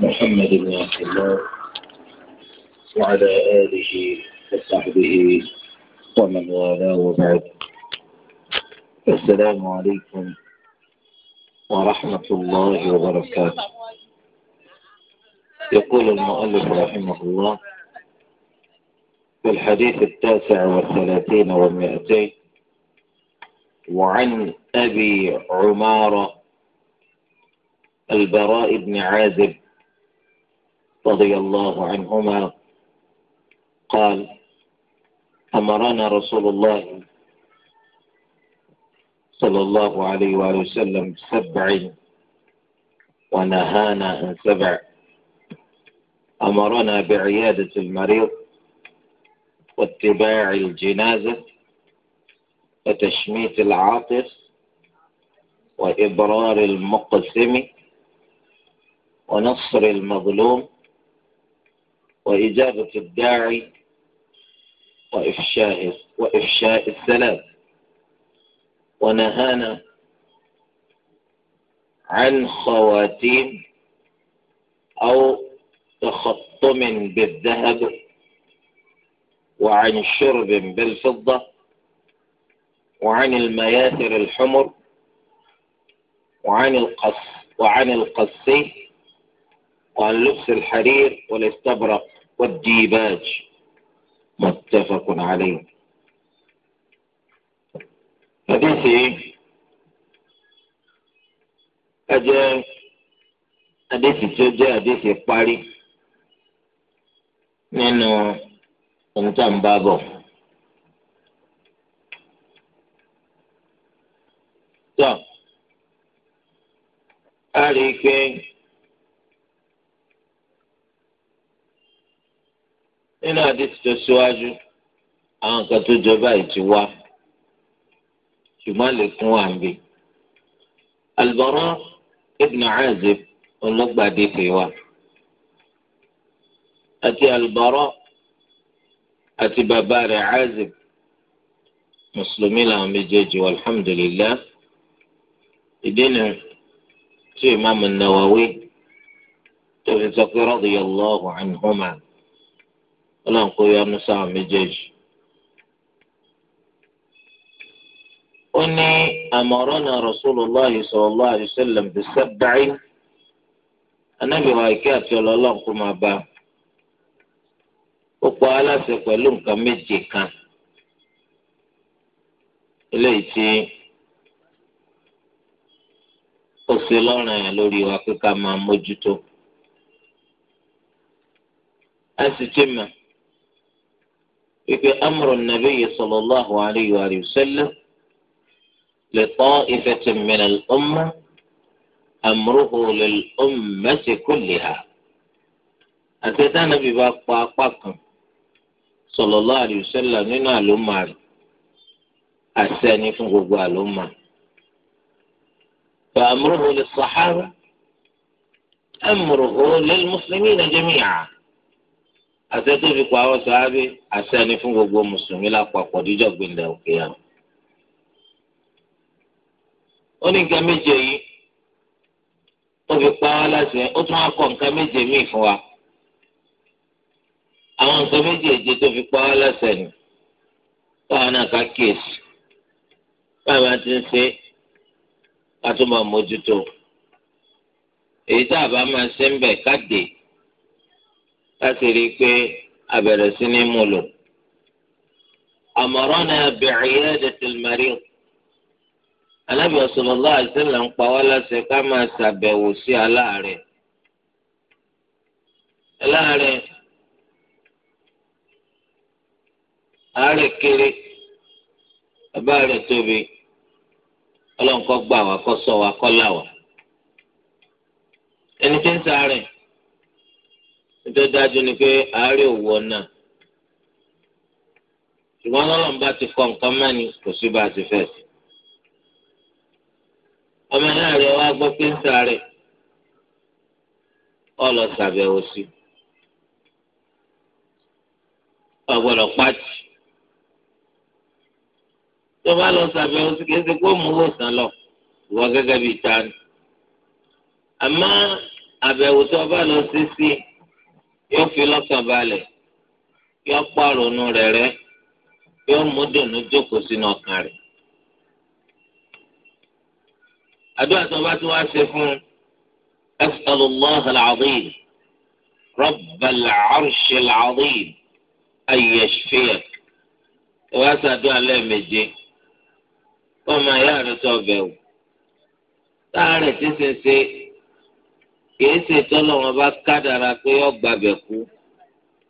محمد بن عبد الله وعلى آله وصحبه ومن والاه وبعد السلام عليكم ورحمة الله وبركاته يقول المؤلف رحمه الله في الحديث التاسع والثلاثين والمئتين وعن أبي عمارة البراء بن عازب رضي الله عنهما قال أمرنا رسول الله صلى الله عليه وآله وسلم سبع ونهانا عن سبع أمرنا بعيادة المريض واتباع الجنازة وتشميت العاطف وإبرار المقسم ونصر المظلوم وإجابة الداعي وإفشاء السلام ونهانا عن خواتيم أو تخطم بالذهب وعن شرب بالفضة وعن المياثر الحمر وعن القص وعن القصي وعن لبس الحرير والاستبرق والديباج متفق عليه حديثي أجا حديثي سجا حديثي قاري من ohun بابو. à ń nínú àdìsí tó síwájú àwọn nǹkan tó jọba yìí ti wá ṣùgbọ́n lè fún wa nbí. Al-Bara ibn Azib ọlọ́gbàdé fi wá àti Al-Bara àti bàbá rẹ̀ Azib mùsùlùmí làwọn méjèèjì wà alhamdulillah ìdí tí Imam an tó fi sọ pé radiyallahu anhuma ọlọ́run kó yọ́nú sáwọn méjèèjì. ó ní amarana Rasulullah sallallahu alaihi wasallam bisab'i anábìwá ìkẹ́ àti ọlọ́run kó máa bá ó pa aláṣẹ pẹ̀lú nǹkan méje kan eléyìí tí ó ṣe lọ́rùn yẹn lórí wa pé ká máa mójútó. a sì ti mọ̀. في أمر النبي صلى الله عليه وآله وسلم لطائفة من الأمة أمره للأمة كلها أتيت النبي باقاقاكم صلى الله عليه وسلم لنا الأمة الثاني فهو الأمة فأمره للصحابة أمره للمسلمين جميعا àṣẹ tó fi pa àwọn sàábé àṣẹ ni fún gbogbo mùsùlùmí lápapọ̀ díjọ́ gbìndà òkè yàrá. ó ní nǹkan méje yìí ó fi pa wá láṣẹ ó tún á kọ nǹkan méje míì fún wa àwọn nǹkan méjèèje tó fi pa wá láṣẹ ni báwọn náà ká kíyèsí báwọn ti ń ṣe ká tó máa mójútó èyí tá a bá máa ṣe ń bẹ̀ ká dé láti rí i pé abẹ̀rẹ̀ sí ní mú lò. àmọ̀ràn náà bẹ̀rẹ̀ yẹ́ ẹ̀dẹ̀tẹ̀lẹ̀ mẹ́rin. alábì sallallahu alaihi wasallam ń pa wá láṣẹ ká máa ṣàbẹ̀wò sí aláàárẹ̀. aláàárẹ̀ àárẹ̀ kéré bàbá rẹ̀ tóbi ọlọ́nkọ́ gbà wá kọ́ sọ wá kọ́ là wá. ẹni tí ń sáré nítorí dájú ni pé àárẹ̀ òwò náà ṣùgbọ́n lọ́lọ́n bá ti kọ́ nǹkan mọ́ ni kò sí bá a ti fẹ́ sí. ọmọ náà rẹ̀ wá gbọ́ pé ń sàárẹ̀ ọ lọ ṣàbẹ̀wò sí ọ gbọ́dọ̀ pàtì tó bá lọ ṣàbẹ̀wò sí kìí kó mú wòsàn lọ ìwọ gẹ́gẹ́ bíi ta ni àmọ́ àbẹ̀wò tó bá lọ sí sí i yóò fi lọ́kàn balẹ̀ yóò pààrọ̀ ọ̀nà rẹ̀ rẹ́ yóò mú dùnú jókòó sínú ọkàn rẹ̀. àdúrà tó bá tún wá ṣe fún as'alu allah al-azim rabb al-arsh al-azim ay yashfiyak wá lẹ́ẹ̀mejì ọmọ ìyá rẹ̀ tó bẹ̀wò táà rẹ̀ ti ṣe kìí ṣe tọ́lọ̀ wọn bá kádàrà pé yọ gbàbẹ̀ kú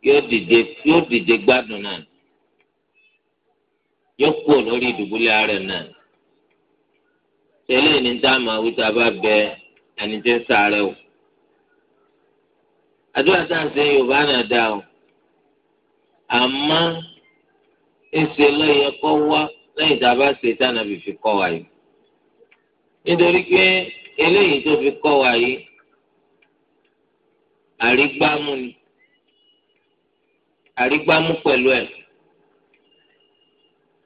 yóò dìde yóò dìde gbádùn náà yóò kúrò lórí ìdùbúlẹ̀ ààrẹ náà tẹ́lẹ̀ ní dáàmú àwùjọ bá bẹ ẹni tí ń sáré o àdúrà tá à ń ṣe Yorùbá náà dá o àmọ́ ẹsẹ̀ lọ́yẹ kọ́ wá lẹ́yìn tá a bá ṣe tánàbì fi kọ́ wa yìí nítorí pé eléyìí tó fi kọ́ wa yìí àrígbámú ni àrígbámú pẹ̀lú ẹ̀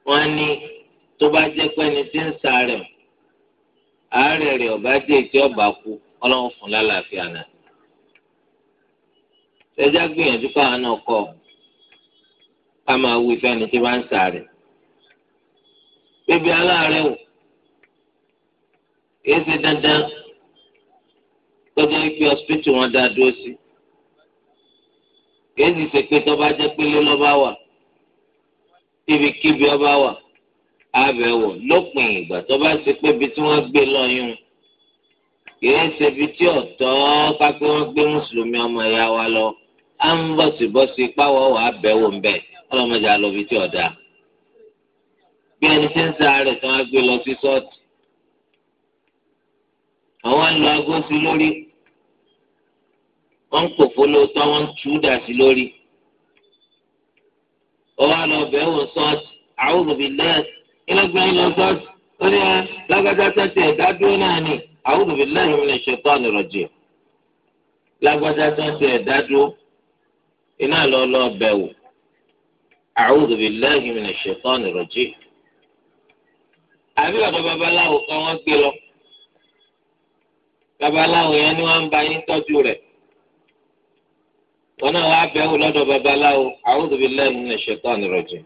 wọ́n ní tó bá jẹ́ pé ẹni tí ń sa rẹ̀ àárẹ̀ rẹ̀ ọ̀bá jẹ́ ìtí ọ̀bá kú ọlọ́run fún lálàáfíà náà ẹjá gbìyànjú káwọn náà kọ ká máa wí fẹ́ni tí bá ń sa rẹ̀ bébí aláàárẹ̀ wò kìí ṣe dandan tọ́jú pé ọsibítù wọn dá dúró sí kìí sì ṣe pé tọ́ba jẹ́ pélé lọ́ba wà kíbikíbi ọba wà abẹ́wò lópin ìgbà tọ́ba ṣe pé ibi tí wọ́n gbé lọ́yún kìí ṣe ibi tí ọ̀tọ́ pápẹ́ wọ́n gbé mùsùlùmí ọmọ ìyá wa lọ á ń bọ̀sibọ́sí páwọ́ wà abẹ́wò ń bẹ̀ ọlọ́mọdé alóbi tí ọ̀dà bí ẹni tí ń sáré tí wọ́n gbé lọ sí sọ́ọ̀tì àwọn ń lo agósí lórí wọ́n ń kòkó lóòótọ́ wọ́n ń tú dà sí lórí. ọwọ́ àlọ́ bẹ́ẹ̀ wò sọ́ọ̀tì a'udhu billahi ìlọ́gbẹ́ ìlọ sọ́ọ̀tì ó ní ẹ ah, lágbájá sẹ́tì ẹ̀dá dúró náà ni a'udhu billahi minash shaitani rajim. lágbájá sẹ́tì ẹ̀dá dúró iná lọ lọ bẹ̀ wò a'udhu billahi minash shaitani rajim. àbí ọ̀dọ̀ babaláwo kan wọ́n gbé lọ babaláwo yẹn ni wọ́n ń ba yín tọ́jú rẹ̀ wọn náà wàá bẹ̀wò lọ́dọ̀ babaláwo a'udhu billahi minash shaitanir rajim.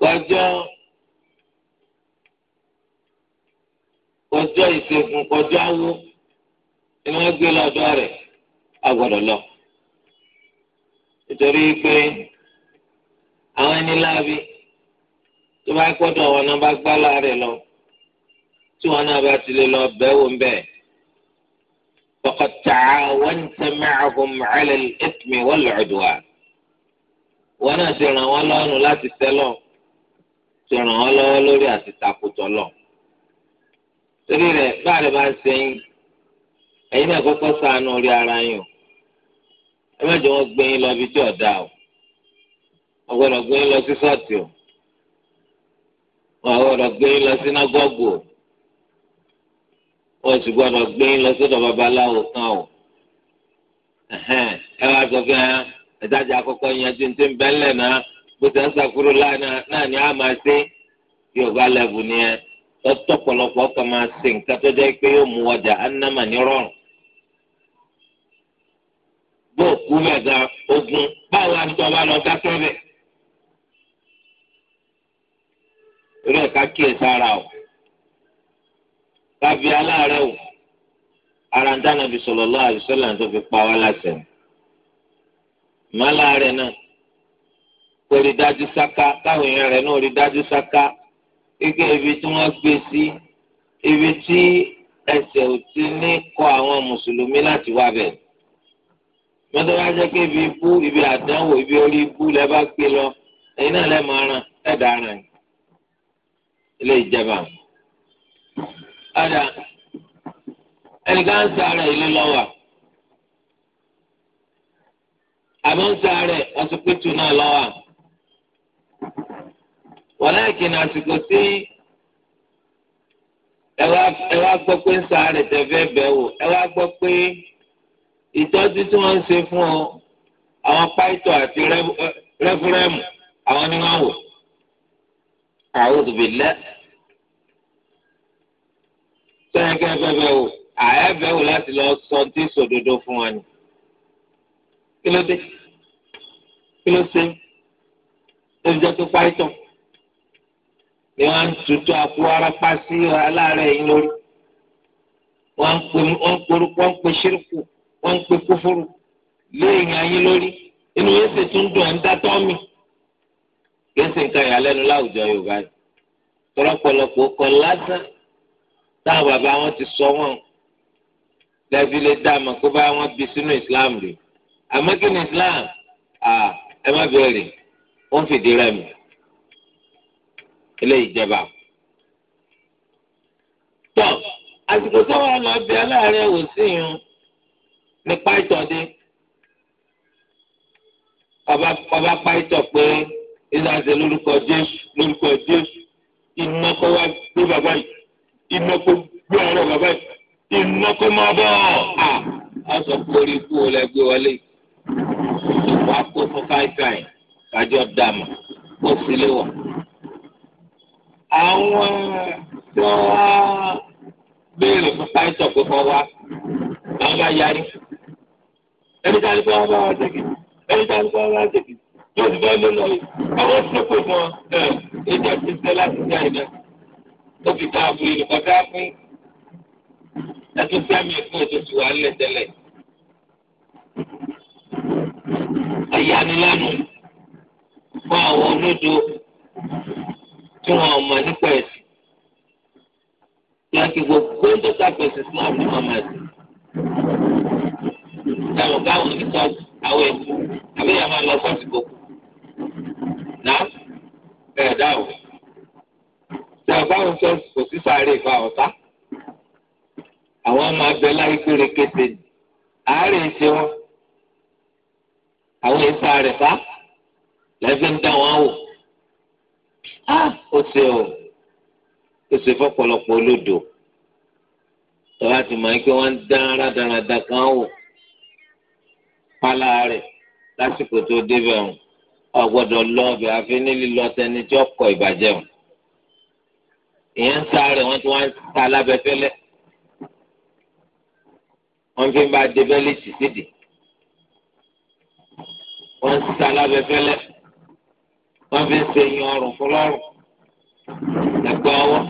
kọjọ́ kọjọ́ ìṣègùn kọjọ́ awo ni wọ́n gbé lọ́dọ̀ rẹ̀ agbọ́dọ̀ lọ. nítorí pé àwọn ẹni láabi tó bá kọ́dọ̀ wọn náà bá gbá láàrẹ̀ lọ tí wọn náà bá ti lè lọ bẹ̀wò ń bẹ̀ẹ́. فقد تعاونت معهم على الإثم والعدوان وانا سيرنا والله أنه لا تستلون سيرنا والله لوري أستاقوت الله torí rẹ̀ báàlẹ̀ bá ń sẹ́yìn ẹ̀yin náà kọ́kọ́ ṣàánú orí ara yín o ẹ má jẹ́ wọ́n gbé yín lọ ibi tí ọ̀dà o wọ́n gbọ́dọ̀ gbé yín lọ sí sọ́ọ̀tì o wọ́n gbọ́dọ̀ gbé yín lọ sínágọ́gù o wọn sì gbọ́dọ̀ gbé ń lọ sọ́dọ̀ babaláwo kan o ẹ wá sọ fún ẹ ẹdájà àkọ́kọ́ yanjú ní ti ń náà bó ti ń sàkúrò náà ni a máa ṣe bí ọba lẹbù ni ẹ tọ́tọ́ pọ̀lọpọ̀ kan máa ṣe nǹkan tó jẹ́ pé yóò kábí aláàárẹ̀ wò ara ń dáná bí sallallahu alaihi wasallam tó fi pa wá láṣẹ mọ́láàárẹ̀ náà kò rí dájú sáká káwọn èèyàn rẹ̀ náà rí dájú sáká gẹ́gẹ́ ibi tí wọ́n gbé sí ibi tí ẹsẹ̀ ò ti ní kọ àwọn mùsùlùmí láti wá bẹ̀. mọ́tò bá jẹ́ pé ibi ibú ibi àdánwò ibi orí ibú lẹ bá gbé lọ ẹ̀yin náà lẹ́ẹ̀ máa ràn ẹ̀dá ilé ìjẹba padà ẹnìkan ń sáré ilé lọ́wọ́ àmọ́ ń sáré ọsibítù náà lọ́wọ́ wàláàkìn àsìkò tí ẹ wá gbọ́ pé ń sáré tẹ̀fẹ́ bẹ́ẹ̀ ẹ wá gbọ́ pé ìtọ́jú tí wọ́n ń ṣe fún ọ àwọn pàìtọ́ àti rẹ́fúrẹ́mù àwọn ni wọ́n wò. kẹ́kẹ́ bẹ́ẹ̀ wò àyà bẹ́ẹ̀ wò láti lọ sọ tí sòdodo fún wa ni. kí ló dé kí ló ṣe tó fi jẹ́ pé python ni wọ́n ń tutù àpò arápá sí aláàárẹ̀ yìí lórí wọ́n ń pe wọ́n ń porúkọ wọ́n ń pe ṣírùkù wọ́n ń pe kúfúrú léèyàn ayé lórí inú yẹn sì tún dùn ẹ̀ ń dátọ́ mi kí ẹ sì ń ìyàlẹ́nu láwùjọ Yorùbá yìí tọ́lọ́pọ̀lọpọ̀ kọ lásán táwọn bàbá wọn ti sọ wọn lẹ́bi lè dá àmọ́ kó bá wọn bí sínú islam rè àmọ́ kí ni islam ẹ má bẹ̀rẹ̀ wọ́n fìdí rẹ̀ mi ilé ìjẹba. tọ́ àsìkò sọ́wọ́n lọ bí aláàárẹ̀ wò sí yun ní pàìtọ́dé ọba pàìtọ́ pé ìdáǹsẹ̀ lórúkọ jésù lórúkọ jésù iná kọ́ wá gbé bàbá yìí iná kó gbé ọ̀rọ̀ bàbá yìí iná kó máa bọ̀ à á sọ pé orí ikú olè gbé wọlé wà á kó fún káìkáì kájọ dàmà kó sílé wọ̀. àwọn tó wá béèrè fún káìsọ̀ pé kọ́ wá àwọn bá yarí ẹni tá a ní kó wá bá wá jẹ́kì ẹni tá a ní kó wá bá jẹ́kì yóò ti bá lé lọ yìí àwọn tó kó fún ọ ẹ ìjà ti tẹ láti jẹ àìdá tó fi tá a fún yìí kọjá fún ẹtún fẹmi fún òtútù wa lẹ tẹ́lẹ̀ ayánilánu fún àwọn olódo tí wọn mọ̀ nípa ẹ̀sìn láti gbogbo ń tó sàpèsè Islam ní màmá ẹ̀sìn táwọn káwọn ní sọọsì àwọn ẹ̀sìn àbí yàrá máa lọ sọọsì gbogbo náà bẹ́ẹ̀ dáhùn náà báwọn fẹ́ kò sí sáré ìfà ọ̀tá àwọn ọmọ abẹ láyé péré kété ni àárẹ̀ ìṣe wọn àwọn ìṣe àrẹ̀ fà lẹ́fí ń dá wọn wò á ó ṣe o ó ṣe fọ́pọ̀lọpọ̀ olódò tọ́lá ti mọ̀ pé wọ́n ń dá rádaràda kan wò pálá rẹ̀ lásìkò tó débẹ̀ ọ̀gbọ́dọ̀ lọ́ọ̀bẹ̀ àfi nílí lọ́tẹ́ni tí ó kọ ìbàjẹ́ wọn èèyàn ń sáré wọn tí wọn ń ta lábẹ́fẹ́lẹ́ wọn fi ń bá débẹ́lì sísèdè wọn ń ta lábẹ́fẹ́lẹ́ wọn fi ń ṣe yan ọrùn fún lọ́rùn ẹgbẹ́ ọwọ́ wọn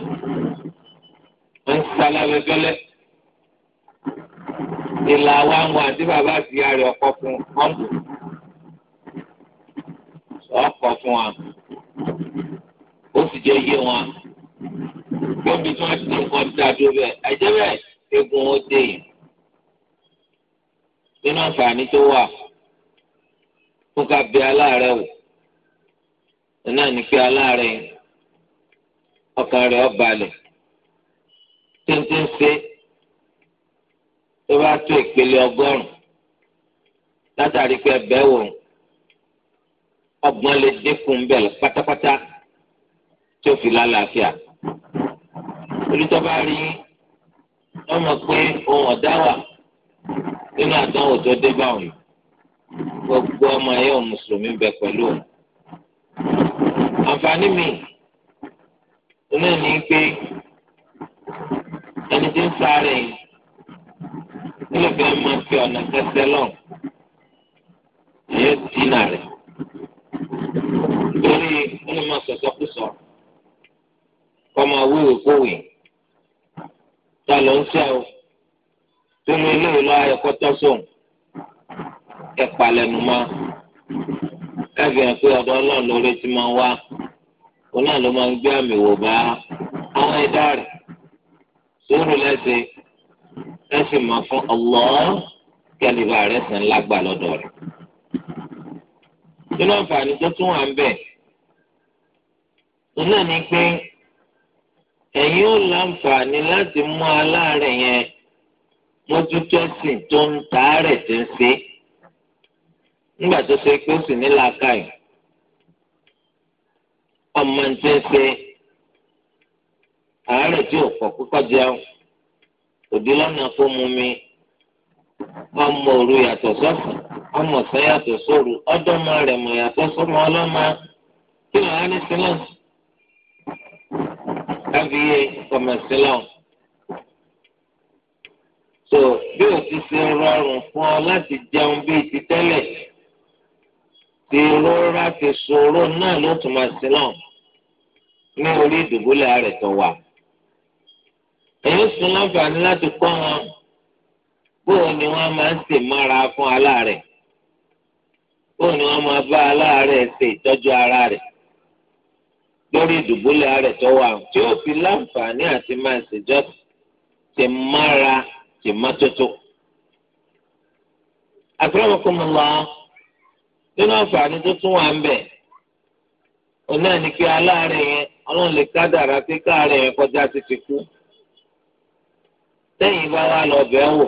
ń ta lábẹ́fẹ́lẹ́ ìlà wa ń wọn àti bàbá àti ìyá rẹ̀ ọkọ fún ọmọ ọkọ fún wa ó sì jẹ́ iye wọn gbọ́dọ̀ tí wọ́n ti ń kọ́ da dúró bẹ́ẹ̀ ẹ̀jẹ̀ bẹ́ẹ̀ egun ó dé yìí nínú àǹfààní tó wà fún ká bí aláàárẹ̀ wò náà ní pé aláàárẹ̀ ọkàn rẹ̀ ó balẹ̀ títí ń ṣe tó bá tó ìpele ọgọ́rùn-ún látàrí pé ẹbẹ̀ wò ọgbọ́n lè dínkù ń bẹ̀ pátápátá tó fi lálàáfíà torí tó bá rí wọ́n mọ̀ pé ohun ọ̀dá wà nínú àdánwò tó dé bá òun gbogbo ọmọ ayé òun mùsùlùmí bẹ pẹ̀lú òun. àǹfààní mi náà ní pé ẹni tí ń sáré nílò fẹ́ máa fi ọ̀nà kẹsẹ̀ lọ ẹ̀yẹ́ dínà rẹ̀ lórí ó lè máa sọ̀sọ́ kú sọ̀rọ̀ kọ́mọ wíwì kówì tá ló ń sẹ́ o sínú iléèwé lọ́wọ́ ẹ̀kọ́ tọ́sùn ẹ̀ palẹ̀nu mọ́ ẹ̀ fi hàn pé ọ̀dọ̀ ọlọ́run lórí ti máa wá òun náà ló máa ń gbé àmì wò bá àwọn ẹ̀dá rẹ̀ sóòrò lẹ́sẹ̀ ẹ̀ máa fún Allah kẹ́lẹ́bà rẹ̀ sàn lágbà lọ́dọ̀ rẹ̀ nínú àǹfààní tó tún wà ń bẹ̀ òun náà ní pé ẹ̀yin ò láǹfààní láti mú aláàárẹ̀ yẹn mójútó sì tó ń tààrẹ̀ tó ń ṣe nígbà tó ṣe pé ó sì ní làákàyè ọmọ ń tẹ́ ṣe àárẹ̀ tí ò pọ̀ púpọ̀ jẹun òdì lọ́nà kó mu mi ọmọ òru yàtọ̀ sọ́fù ọmọ ọ̀sán yàtọ̀ sóru ọdọ́mọ rẹ̀ mọ̀ yàtọ̀ sọ́mọ ọlọ́mọ kí ló wá ní sílẹ̀sì káfíyé kọmẹsílọ̀n. so bí o ti ṣe rọrùn fún ọ láti jẹun bíi ti tẹ́lẹ̀ ti rọra ti ṣòro náà ló tún máa sílọ̀n ní orí ìdùbúlẹ̀ rẹ̀ tó wà. èyí sùn láǹfààní láti kọ́ wọn bóun ni wọ́n máa ń ṣe mára fún aláàrẹ̀ bóun ni wọ́n máa bá aláàrẹ̀ ṣe ìtọ́jú ara rẹ̀. lórí ìdùbúlẹ̀ rẹ̀ tó wà tí ó fi láǹfààní àti máa ṣèjọ́ ti mára ti mọ́tótó. akramakumullah nínú àǹfààní tó tún wà ń bẹ̀ òun náà aláàárẹ̀ yẹn ọlọ́run lè kádàrá pé káàárẹ̀ yẹn kọjá ti ti kú. tẹ́yìn bá wà lọ bẹ́ẹ̀ wò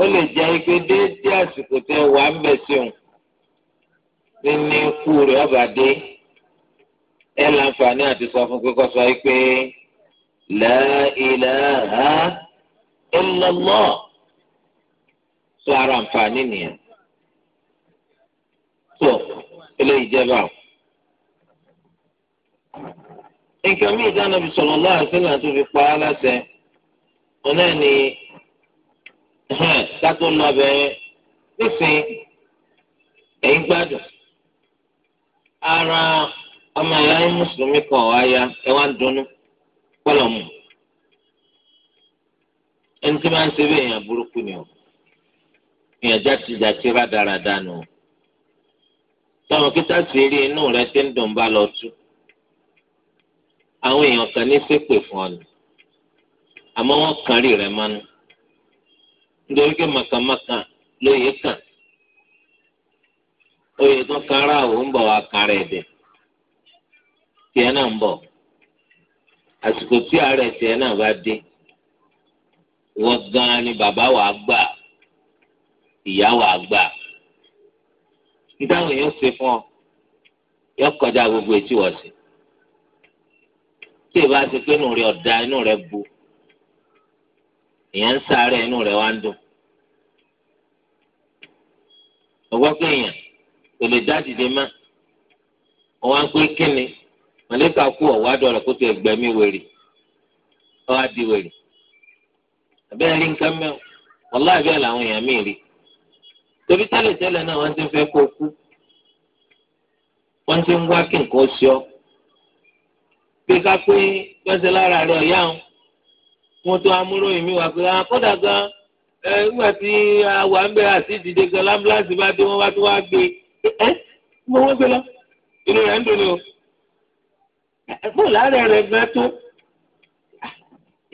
ó lè jẹ́ ike déédéé àsìkò tẹ́ wà ń bẹ̀ sí òun ní ọba dé. ẹ láǹfààní àti sọ fún kíkọ́ sọ yìí pé la sọ ara àǹfààní nìyẹn. tó eléyìí jẹba o. nǹkan mí ìdáná fi sọ̀rọ̀ lọ́wọ́ àti tó fi pa á lásẹ wọn náà ní kátó lọ bẹ́ẹ̀ ara. ọmọ ìyá yín mùsùlùmí kan ọ̀ ayá ẹ wá ń dunnú pọ̀lọ̀ mu ẹni tí máa ń ṣe bí èèyàn burúkú ni o èèyàn játijàti rádaràda nù o tọmọ kíta sì rí inú rẹ tí ń dùn bá lọ tú àwọn èèyàn kan ní ṣépè fún ọ ni àmọ́ wọ́n kàn rí rẹ mánú nítorí pé màkàmákà lóye kàn oyè tó kára àwọn ń bọ̀ wá kára ẹ̀dẹ̀. tiẹ̀ náà ń bọ̀ àsìkò tí àárẹ̀ tiẹ̀ náà bá dé wọ́n gan ni bàbá wàá gbà ìyá wàá gbà ìdáhùn yóò ṣe fún ọ yóò kọjá gbogbo etí wọ́n sí tí ìbá ṣe pé inú rẹ ọ̀dà inú rẹ bu ìyẹn ń sáré inú rẹ wá mọ̀lẹ́kà kú ọ̀wá dọ̀rọ̀ kó tó ẹgbẹ̀mí wèrè ọ̀ á di wèrè abẹ́rẹ́ rí nǹkan mẹ́wọ̀ wọ́lá àbẹ́ làwọn èèyàn mí rí torí tẹ́lẹ̀ tẹ́lẹ̀ náà wọ́n ti ń fẹ́ kó kú wọ́n ti ń wá kí nǹkan ṣe ọ́ ká pé gbẹ́sẹ̀ lára rẹ̀ ọ̀yá wọn wọ́n tó amúròyìn mi wá pé àkọ́dà ah, gan nígbà tí àwa ń àti ìdìde gan lámbúláǹsì bá dé wọ́n bá tó wá gbé ẹ́ mo wọ́n gbé lọ inú rẹ̀ ń dùn ní o bó láàrin rẹ̀ gan tó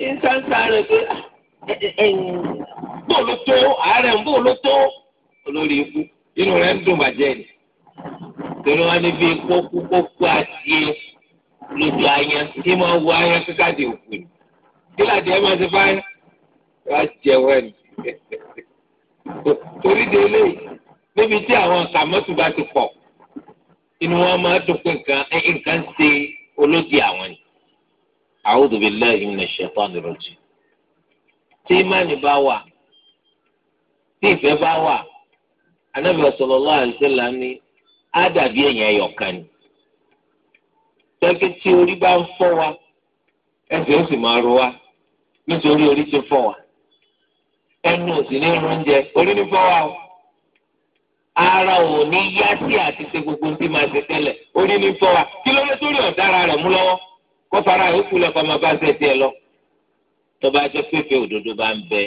ìsáǹsá rẹ̀ pé ah, bó ló tó àárẹ̀ bó ló tó olórí ikú inú rẹ̀ ń dùn bàjẹ́ ni torí wọn níbi kókú kókú àti lójú ayan tí máa wọ ayan kíkàdé òkú ni kí ládìẹ máa ti bá wá jẹwọ ni torí délé níbi tí àwọn kàmọ́tù bá ti pọ̀ inú wọn máa dùn pé nǹkan nǹkan ṣe é. olódì àwọn ni a'udhu billahi minash shaitanir rajim tí imáàni bá wà tí ìfẹ́ bá wà anábì sallallahu ni á dàbí ni tẹ́kí tí orí bá ń fọ́ wa ẹsẹ̀ ó sì máa ro wa nítorí orí ti fọ́ wa ẹnu ò ara ò ní yá sí àti ṣe gbogbo tí máa ṣe tẹ́lẹ̀ orí ní fọ́ wa kí ló dé tó rí ọ̀daràn rẹ̀ mú lọ́wọ́ kó fara ìkú lẹ̀ kọ́ máa bá ṣe tiẹ̀ lọ. tó bá jẹ́ pépè òdodo bá ń bẹ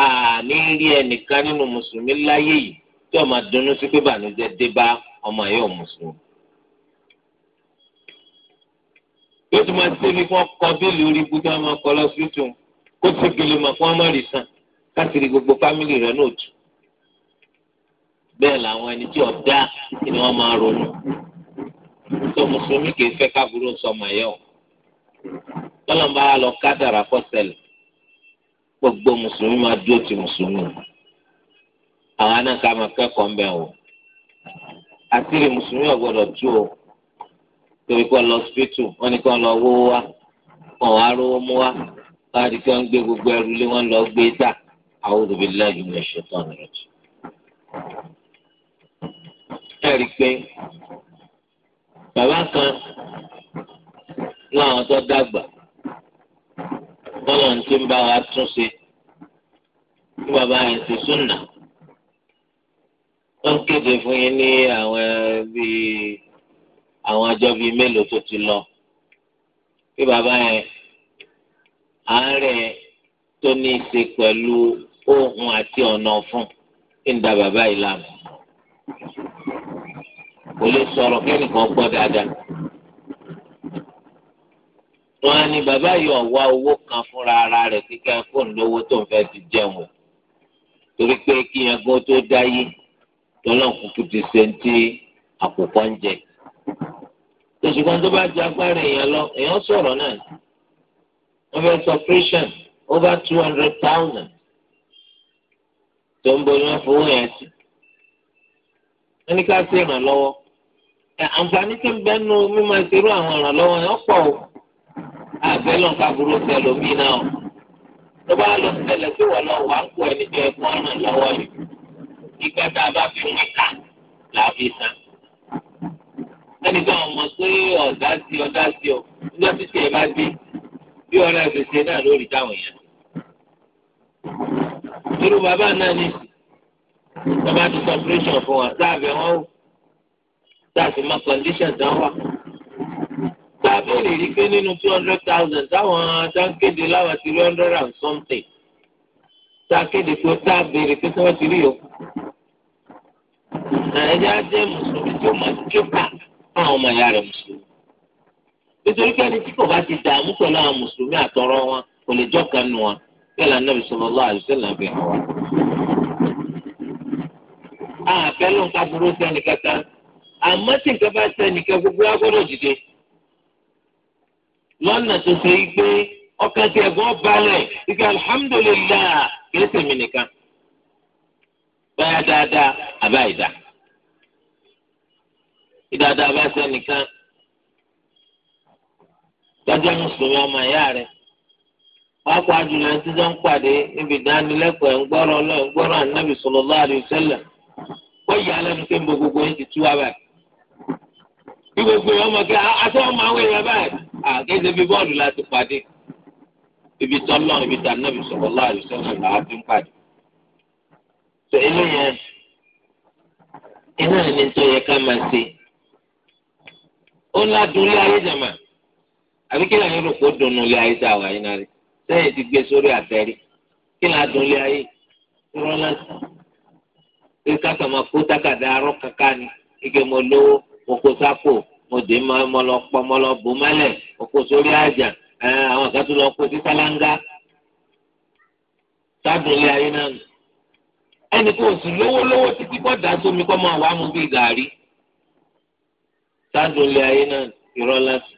àní rí ẹnìkan nínú mùsùlùmí láyé yìí tí ó máa dunnú sí pé bànújẹ́ dé bá ọmọ yóò mùsùlùmí. yóò tún máa ṣe ní kí wọ́n kọ bíìlì orí ibú tí wọ́n lọ sí tù kó sì gbélé mọ̀ kí wọ́n má rí káàkiri gbogbo fámìlì rẹ̀ náà tù bẹ́ẹ̀ làwọn ẹni tí ọ̀dá tí ni wọ́n máa ronú tó mùsùlùmí kì í fẹ́ káburú sọmọ ẹ̀yọ́ o tọ́lọ́mbà wa lọ kádàrá kọ́ sẹ́lẹ̀ gbogbo mùsùlùmí máa dúró ti mùsùlùmí àwọn náà ká máa kẹ́kọ̀ọ́ ń bẹ̀ o àtìrì mùsùlùmí ọ̀gbọ́dọ̀ tú o torí kọ́ lọ sípítù wọ́n ní kọ́ lọ wówó wá wọ́n wá rówó mú wá wọ́n kí wọ́n gbé gbogbo ẹrù lé wọ́n lọ gbé dà a'udhu billahi ẹ̀rí pé bàbá kan láwọn tó dàgbà bọ́lọ̀ ti ń bá wa tún ṣe kí bàbá yẹn ti súnà wọ́n kéde fún yín ní àwọn bíi àwọn ọjọ́ bíi mélòó tó ti lọ kí bàbá yẹn àárẹ̀ tó ní í ṣe pẹ̀lú ohun àti ọ̀nà ọ̀fun ń bàbá yìí láàmú kò lè sọ̀rọ̀ kẹ́nìkan gbọ́ dáadáa. wọn á ní bàbá yìí ọ̀wá owó kan fúnra ara rẹ̀ kíkà fóònù lówó tó ń fẹ́ fi jẹun o torí pé kí yẹn gbọ́ tó dáyé tọ́lọ́kù kù ti ṣe ń tí àkùkọ ń jẹ. oṣùgbọ́n tó bá ju agbára èèyàn lọ èèyàn sọ̀rọ̀ náà wọ́n fẹ́ sọ operation over two hundred thousand tó ń bọ̀ ní wọ́n fowó yẹn sí. wọ́n ká sí ìrànlọ́wọ́ àǹfààní tó ń bẹ nu mímọ ìṣerú àwọn ìrànlọ́wọ́ yẹn pọ̀ o àbẹ́ lọ́n ká burú sẹ́lò mí náà o tó bá lọ ṣẹlẹ̀ tí wọ́n lọ wà ń kó ẹni tó ẹ̀kọ́ ràn lọ́wọ́ yìí ìgbà tá a bá fi wí ká là á fi san. lẹ́ni tó àwọn ọmọ pé ọ̀dá sí ọ̀dá sí ọ níjọ́ títí ẹ bá dé bí ọ̀rẹ́ ẹ̀fẹ̀ ṣe náà lórí táwọn yẹn. irú bàbá náà ní bàbá ti sọ pírẹ́ṣọ̀ fún wa láàbẹ̀ wọn ó tá a sì mọ condition tán wà. Táàbù lè rí pé nínú two hundred thousand táwọn táǹkéde láwọn ti rí hundred and something. Táǹkéde pé táàbù lè rí pé tí wọ́n ti rí yòókù. Nàìjíríà jẹ́ mùsùlùmí tí ó máa jókà fún àwọn ọmọ ìyá rẹ̀ mùsùlùmí. Nítorí pé ẹni tí kò bá ti dààmú pẹ̀lú àwọn mùsùlùmí àtọ̀rọ̀ wọn kò lè jọ́ka nù wọn. Bẹ́ẹ̀ la Nàbì sallallahu alaihi wasallam fi hàn wá. Àbẹ́lùm ká burú sí ẹnì kankan. àmọ́ tí nǹkan bá ṣe nìkan gbogbo wa gbọ́dọ̀ dìde lọ́nà tó ṣe yí pé ọkàn tí ẹ̀gbọ́n balẹ̀ ike alihamudulilayi kìí sèmi nìkan báyà dáadáa àbá ìdá ìdáadáa bá ṣe nìkan tọ́jú mùsùlùmí ọmọ ìyá rẹ̀ pápá pàdé níbi ìdánilẹ́kọ̀ọ́ ẹ̀ ń lẹ́nu pé gbogbo ti tú báyìí. kí gbogbo wọn mọ̀ kí aṣọ ọmọ àwọn èèyàn báyìí àgẹ́sẹ̀ bí bọ́ọ̀lù láti pàdé ibi tọ́lọ́ ibi tànàbì sọ̀rọ̀ láàrin sọ́nà làá fi ń pàdé. sọ inú yẹn inú yẹn ni tó yẹ ká máa ṣe ó ńlá ayé jàmà àbí kí lóyún rò pé ó dunnu lé ayé dà yín náà rí sẹ́yìn ti gbé sórí àtẹ́rí kí lóyún adunlé ayé rán lásán kí káka máa kó tákàdá arọ́ kankan ni ike mo lówó mo kó sápò mo dé mọ́ lọ pọ́ mọ́ lọ bò mọ́lẹ̀ oko sórí àjà àwọn kan tó lọ kó sí sálángá sádùn ayé náà ẹnì kò sí lówó lówó títí dá sómi kọ́ máa wá mu bí ayé náà irọ́ lásì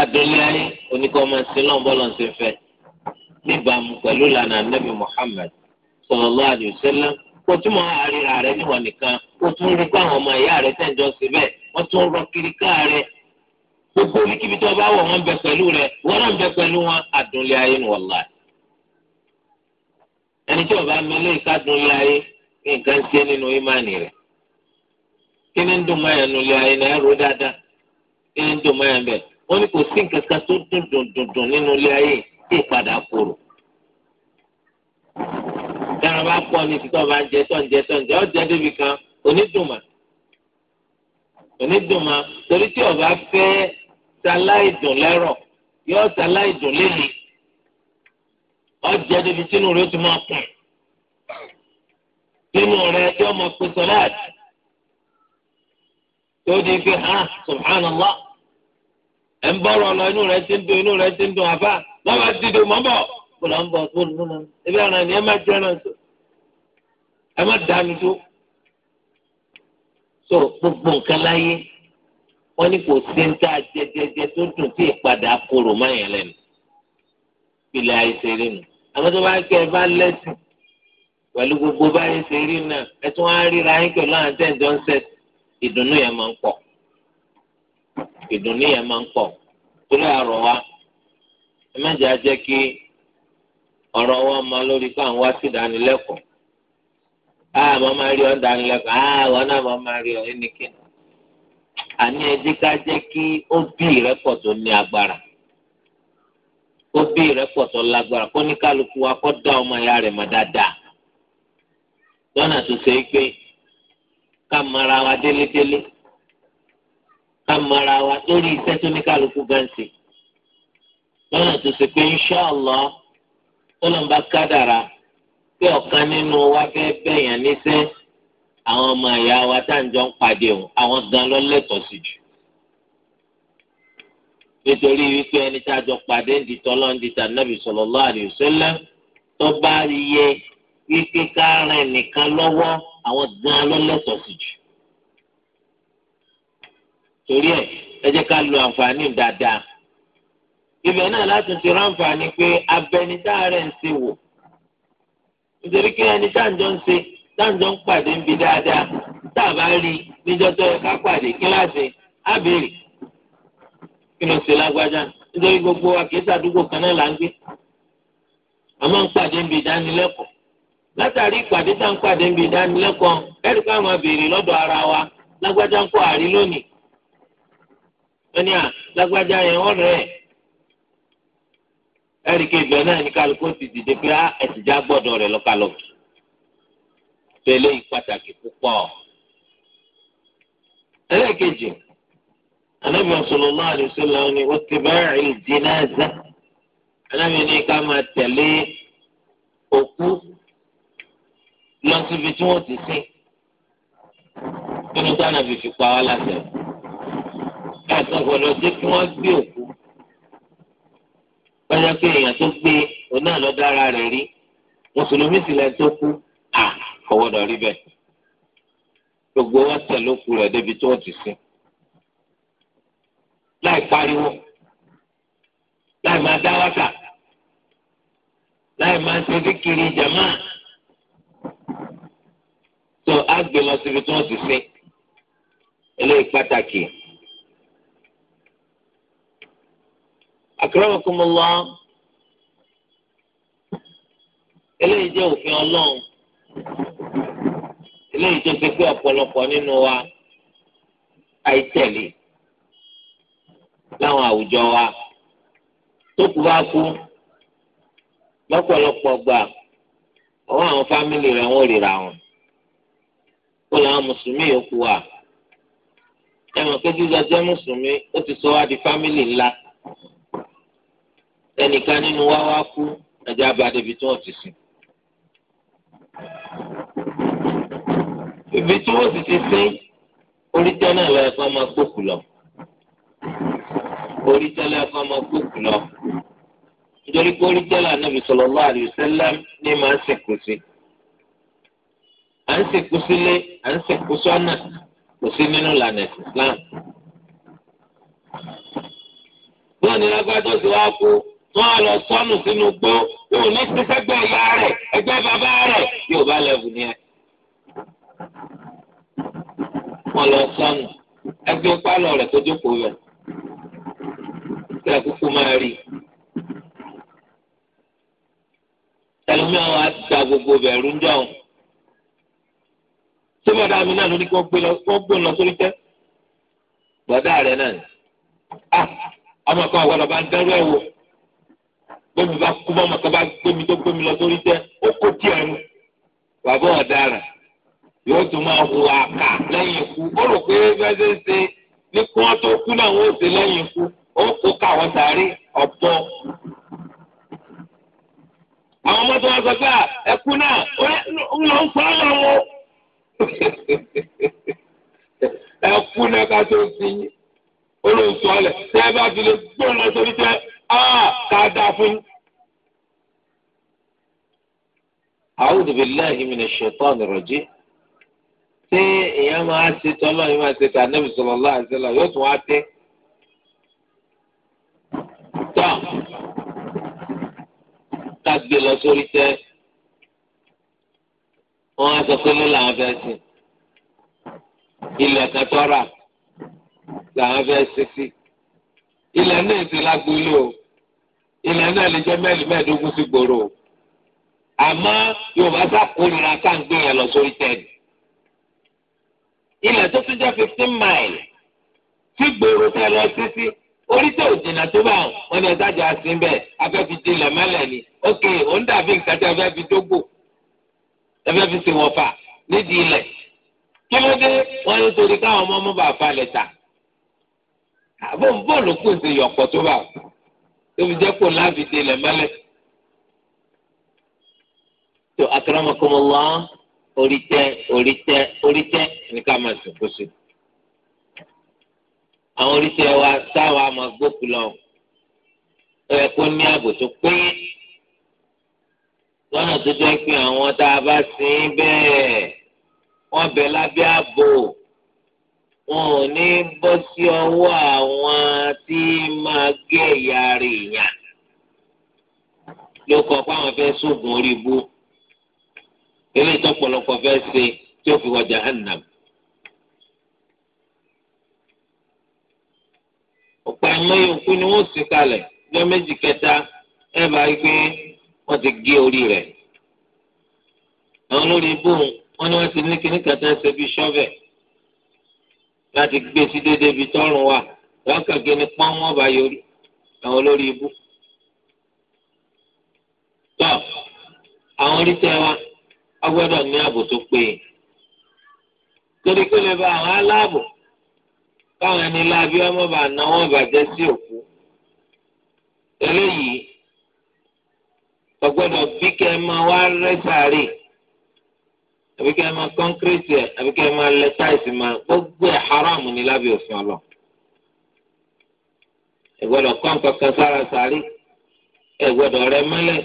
ayé bọ́lọ̀ fẹ́ níbàámu pẹ̀lú lànà Muhammad sallallahu alaihi wasallam nri tún máa níwọ̀n nìkan tún rí wọ́n tún rọ kiri káàrẹ gbogbo oríkìbí tó bá wọ̀ wọ́n bẹ pẹ̀lú rẹ wọ́n náà bẹ pẹ̀lú wọn àdúnlé ayé ni wọ́n láì ẹni tí ọba mẹlẹ ìkádùnlé ayé nǹkan ṣe nínú ìmánì rẹ kí ni ń dùn mọ́ ẹ̀yàn nulẹ̀ ayé náà ẹ̀rọ dáadáa kí ni ń dùn mọ́ ẹ̀yàn bẹ́ẹ̀ wọ́n ní kò sí nǹkan tó dùn dùn dùn dùn nínú ilé ayé tí ìpadà kúrò dára pọ̀ ní títọ́ bá ń jẹ tó ń jẹ tó ń jẹ ọ́ jẹ́ onídùnmọ́ torí tí ọba fẹ́ ṣaláìdùn lẹ́rọ̀ yóò ṣaláìdùn lélẹ̀ ọjà débi tínú rẹ tó máa kùn nínú rẹ yóò máa pè sọláàtì tó di pé ha subhanallah ẹ̀ ń bọ̀rọ̀ lọ inú rẹ ti ń dùn inú rẹ ti ń dùn àbá lọ́wọ́ dídò mọ́bọ̀ kò bọ̀ kó lọ́n bọ̀ ebi ara ni ẹ má jẹ́ tó so gbogbo nǹkan láyé wọn ní kò sí nta jẹjẹjẹ tó dùn tí ìpadà kúrò má yẹn lẹ́nu ìpìlẹ̀ àìsèré nù àwọn tó bá kẹ ẹ bá lẹ́sìn pẹ̀lú gbogbo báyìí ṣeré náà ẹ tún á ríra yín pẹ̀lú àwọn àtẹ̀jọ́ ń sẹ̀ ìdùnnú yẹn máa ń pọ̀ ìdùnnú yẹn máa ń pọ̀ torí àrò wa ẹ má jẹ́ àjẹ́ kí ọ̀rọ̀ wa máa lórí pé àwọn wá sí ìdánilẹ́kọ̀ọ́ àbọ̀ ah, máa rí ọ̀dà ńlẹ́kọ̀ọ́ àbọ̀ ah, náà bọ̀ máa rí ọ̀rẹ́ nìkẹ́. àní ẹjẹ́ ká jẹ́ kí ó bí ìrẹ́pọ̀ tó ní agbára ó bí ìrẹ́pọ̀ tó lágbára kó ní kálukú wa kó dá ọmọ ìyá rẹ̀ mọ̀ dáadáa lọ́nà tó ṣe é pé ká mara wa délédélé ká mara wa lórí iṣẹ́ tó ní kálukú gan sí tó ṣe pé inṣọ́ọ̀lọ́ tó lọ́nba kádàrá pé ọ̀kan nínú wa fẹ́ bẹ̀yàn níṣẹ́ àwọn ọmọ ìyá wa tá à ń jọ ń pàdé òun àwọn gan ló lẹ́tọ̀ọ́ sí jù nítorí wípé ẹni tá a jọ pàdé ń di tọ́lọ́ ń di tànàbì sallallahu alaihi wasallam tó bá yẹ wípé ká rìn nìkan lọ́wọ́ àwọn gan ló lẹ́tọ̀ọ́ sí jù torí ẹ ẹ jẹ́ ká lo àǹfààní dáadáa ibẹ̀ náà láti ti ránfààní pé abẹnidáàrẹ̀ ń ṣe wò nítorí pé ẹni táǹjọ ń ṣe táǹjọ ń pàdé ń bi dáadáa tá a bá rí níjọ tó yẹ ká pàdé kíláàsì á béèrè kí ló ṣe lágbájá nítorí gbogbo wa kì í sàdúgbò kan náà là ń gbé àmọ́ ń pàdé ń bi ìdánilẹ́kọ̀ọ́ látàrí ìpàdé tá ń pàdé ń bi ìdánilẹ́kọ̀ọ́ ẹ̀rí ká máa béèrè lọ́dọ̀ ara wa lágbájá ń kó àrí lónìí wọ́n ní à lágbájá yẹn wọ́n rẹ̀ ẹ̀ríkẹ́ ibẹ̀ náà ní kálukú ti dìde pé ah, ẹ̀sìnjá gbọ́dọ̀ rẹ̀ lọ́kàlọ́kì tó eléyìí pàtàkì púpọ̀. ẹlẹ́ẹ̀kejì anábì sallallahu alaihi wasallam ni ó ti bẹ́ẹ̀ rí jánásà anábì ní ká máa tẹ̀lé òkú lọ síbi tí wọ́n ti sìn nínú táwọn àbí fi láṣẹ. ká sọ gbọ́dọ̀ jẹ́ kí wọ́n gbé òkú bájá pé èèyàn tó gbé òun náà lọ dára rẹ̀ rí mùsùlùmí sì lẹ tó kú à ọwọ́dọ̀ rí bẹ́ẹ̀ gbogbo wọn tẹ̀ ló kú rẹ̀ débi tó ti sin láì pariwo láì máa dá wákà láì máa ṣe kíkiri jàmá tó a gbé lọ síbi tó ti sin eléyìí pàtàkì. akramakumullah eléyìí jẹ́ òfin ọlọ́run eléyìí tó fi pé ọ̀pọ̀lọpọ̀ nínú wa àìtẹ̀lé láwọn àwùjọ wa tó kú bá kú lọ́pọ̀lọpọ̀ gbà ọwọ́ àwọn fámìlì rẹ̀ wọ́n rira wọn kó làwọn mùsùlùmí yòókù wà ẹ mọ̀ pé jíjọ jẹ́ mùsùlùmí ó ti sọ wá di fámìlì ńlá ẹnìkan nínú wa wá kú ẹjẹ abadé ibi tí wọ́n ti sìn. ibi tí wọ́n sì ti sìn orí tẹ́lẹ̀ lọ́yẹ kó máa gbókù lọ orí tẹ́lẹ̀ kó máa gbókù lọ nítorí pé orí tẹ́lẹ̀ ànábì sallallahu alaihi wasallam ní màá sìnkú sí à ń sìnkú sílé à ń sìnkú sọ́nà kò sí nínú ìlànà Islam. bọ́ọ̀ni lágbájọ́ ti wá kú wọn á lọ sọnù sínú gbó yóò ní sísẹgbẹ ìyá rẹ̀ ẹgbẹ́ bàbá rẹ̀ yóò bá lẹbù ní ẹ. wọn lọ sọnù ẹgbẹ́ pálọ rẹ̀ tó jókòó yọ kí ẹ kúkú máa rí i. ẹlòmíràn wa da gbogbo bẹ̀rù ń jọ̀hún. ṣé bọ́dà mi náà ló ní kí lọ sórí tẹ́? bọ́dà rẹ̀ náà ah, ọmọ kan ọ̀gbọ́dọ̀ bá ń dẹ́rù ẹ̀ wò bọ́mù bá kú bọ́mù kan bá gbémi tó gbémi lọ sórí tẹ ó kó tiẹ̀ nu bàbá ọ̀daràn yóò tún máa hu àkà lẹ́yìn ikú ó rò pé fẹsẹ̀ ṣe ní kí wọ́n tó kú náà wọ́n ó ṣe lẹ́yìn ikú ó kó káwọn sàárè ọ̀pọ̀ àwọn ọmọ tó wá sọ pé ẹkú náà ó lọ ń pa lọ́wọ́ ẹkú náà ká tó sí olóòtú ọlẹ tẹ ẹ bá fi lè gbóná sórí tẹ káàdá fún. a'udhu billahi minash shaitanir rajim ṣé èèyàn máa ṣe tọ́lọ́ yìí máa ṣe tà Nabi sallallahu alaihi wasallam yóò tún wá tẹ́. tọ́ ká gbé lọ sórí tẹ́ wọ́n á sọ pé ló làwọn fẹ́ sìn ilẹ̀ kan tọ́ra làwọn fẹ́ sìn sí ilẹ̀ náà ti lágbóyè o ilẹ̀ náà lè jẹ́ mẹ́lì mẹ́ẹ̀ẹ́dógún sí gbòòrò o àmọ́ yorùbá sá kórìíra ká ń gbé yẹn lọ sórí tẹ́ẹ̀dì ilẹ̀ tó tún jẹ́ fifteen mile tí gbòòrò tẹ lọ títí orí tẹ ò jìnnà tó bá wọn ni ọ̀sá sí bẹ́ẹ̀ afẹ́fi di ilẹ̀ mẹ́lẹ̀ ni ok òun dàbí nǹkan tí afẹ́fi dógbò afẹ́fi ṣe wọ̀fà nídìí ilẹ̀ kí ló dé wọn nítorí káwọn ọmọ ọmọ bàá falẹ̀ ta àbọ̀ bọ́ọ̀lù kò sí yọ̀pọ̀ tó bá tóbi jẹ́ kó láàbì dé lẹ̀ mọ́lẹ̀. tó akramakumullah orí tẹ orí tẹ orí tẹ ní ká máa sùn kó sí. àwọn orí tẹ wa sáwọn àmọ́ gbókù lọ ó yẹ kó ní ààbò tó péye lọ́nà tó jẹ́ pé àwọn tá a bá sin bẹ́ẹ̀ wọ́n bẹ lábẹ́ ààbò wọn ò ní bọ́ sí ọwọ́ àwọn tí máa gé ẹ̀yà rẹ̀ yàn ló kọ pé àwọn fẹ́ sóògùn orí ibú eré ìtọ́pọ̀lọpọ̀ fẹ́ ṣe tí ó fi wọ jahannam. ọ̀pọ̀ ẹ̀mọ́ yòókù ni wọ́n sì kalẹ̀ lọ méjì kẹta ẹ bá rí pé wọ́n ti gé orí rẹ̀. àwọn olórí ibú wọn ni wọ́n ti ní kíní kẹta ṣe bí ṣọ́fẹ̀ láti gbé sí déédéé ibi tọ́rùn wà wọ́n kàn gé ní pọ́n wọ́n bá yọrí àwọn olórí ibú. tọ́ àwọn oríṣẹ́ wa a gbọ́dọ̀ ní ààbò tó péye torí kó lè ba àwọn aláàbò káwọn ẹni láabi ọmọ bá náwó bàjẹ́ sí òkú eléyìí ọgbọ́dọ̀ bí kẹ́ ẹ máa wá rẹ́ sáré àbí kẹ́ ẹ máa kọ́ńkírẹ́tì ẹ̀ àbí kẹ́ ẹ máa lẹ táìsì máa gbogbo ẹ̀ haram ni lábẹ́ òfin ọlọ. ẹ gbọ́dọ̀ kọ́ nǹkan kan sára sàárì ẹ gbọ́dọ̀ rẹ mọ́lẹ̀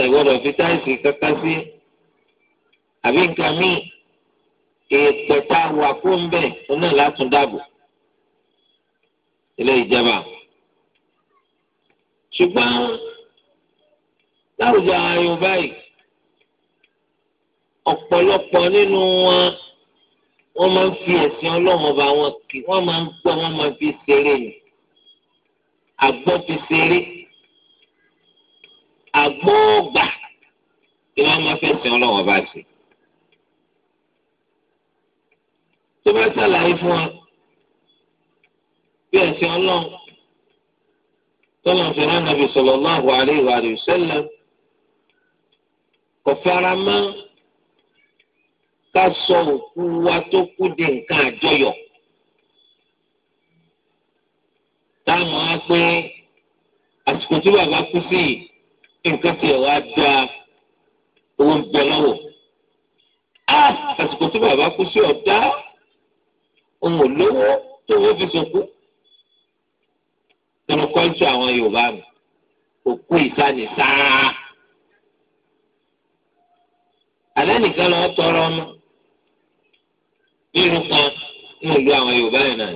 ẹ gbọ́dọ̀ fi táìsì kankan sí àbí nǹkan míì ìpẹ̀tà wà fún bẹ́ẹ̀ òun látún dáàbò ilé ìjẹba. ṣùgbọ́n láwùjọ àwọn Yorùbá yìí ọ̀pọ̀lọpọ̀ nínú wọn wọ́n máa ń fi ẹ̀sìn ọlọ́run ọba wọn kì wọ́n máa ń gbọ́ wọ́n máa fi ṣeré ni àgbọ́ fi ṣeré àgbọ́ gbà ni wọ́n máa fẹ́ sin ọlọ́run ọba sí. tó bá ṣàlàyé fún wa bí ẹ̀sìn ọlọ́run tọ́lọ̀ fi rán nàbì sallallahu alaihi wa sallam kò fara mọ́ ká sọ òkú wa tó kú di nǹkan àjọyọ̀ táwọn á pé àsìkò tí bàbá kú sí nǹkan tiẹ̀ wá da owó ń bẹ lọ́wọ́ àsìkò tí bàbá kú sí ọ̀dá òun ò lówó tó owó fi sọkú nínú kọ́ńtù àwọn Yorùbá mi òkú ìsáni sáá alẹ́ nìkan lọ́ọ́ tọrọ ọmọ nínú kan nínú ìlú àwọn Yorùbá yẹn náà.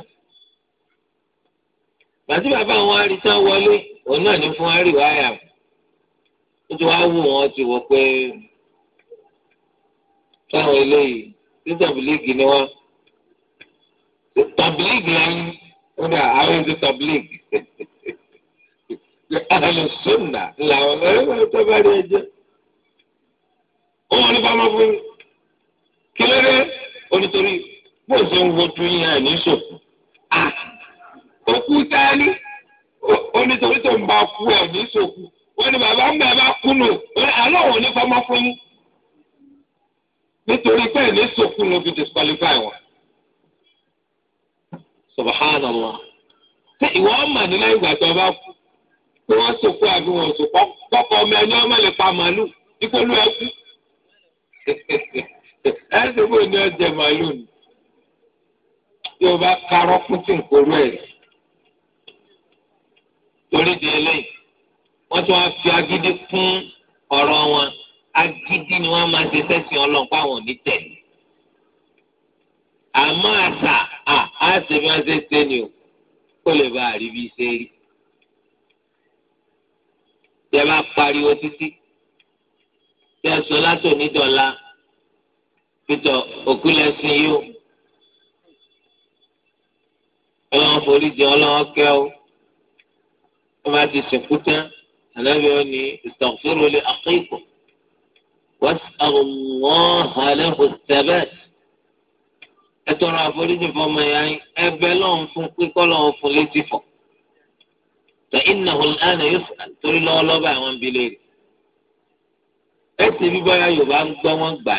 bàtí bàbá àwọn arìtàn wọlé òun náà ní fún àríwáyà ó ti wá wù wọn ti wọ pé táwọn eléyìí tí tàbílíìgì ni wọn tàbílíìgì ẹyin wọn dà àwọn èdè tàbílíìgì alùsùnà làwọn ẹgbẹ́ tó bá rí ẹjẹ. wọn ní bá wọn fún kí ló onítorí bó ṣe ń wojú yín náà ní sòkù òkú tání onítorí tó ń bá kú ẹ̀ ní sòkù wọ́n ní bàbá ń bẹ̀ bá kú nù àlọ́ òun ní fọmọ́ fún yín nítorí pé ẹ̀ ní sòkù ló fi disqualify wọn. subhanallah ṣé ìwọ ọmọ nílẹ̀ ìgbà tó bá kú pé wọ́n sòkù àbí wọn sòkù kọ́kọ́ ọmọ ẹni ọmọ lè pa màálù ikú olú ẹ kú. ẹ̀ẹ́dẹ́gbò ni ọjà màálù ni tí o bá karọ́ fún tí nkoro ẹ̀ torí di eléyìí wọ́n tún wá fi agídí fún ọ̀rọ̀ wọn agídí ni wọ́n máa ṣe sẹ́sìn ọlọ́run fáwọn onítẹ̀lé àmọ́ àṣà àṣẹ bí wọ́n ṣe ṣe ni o kó lè bá àrí bí ṣe rí tẹ bá pariwo títí tẹ sọ látòní dọ́là pété òkú lẹ́sìn yìí o ọlọ́wọ́n forí jẹ ọlọ́wọ́n kẹ́ o wọ́n bá ti sìnkú tán ànábì ó ní istaghfiru li akhikum was'alullaha lahu thabat ẹ tọrọ àforíjì fọmọ ẹ̀yà yín ẹbẹ lọ́hùn fún kíkọ́ lọ́hùn fún létí fọ̀ tẹ innahu al-ana yus'al torí lọ́wọ́lọ́wọ́ àwọn ń bilé rẹ̀ ẹ Yorùbá ń gbọ́ wọn gbà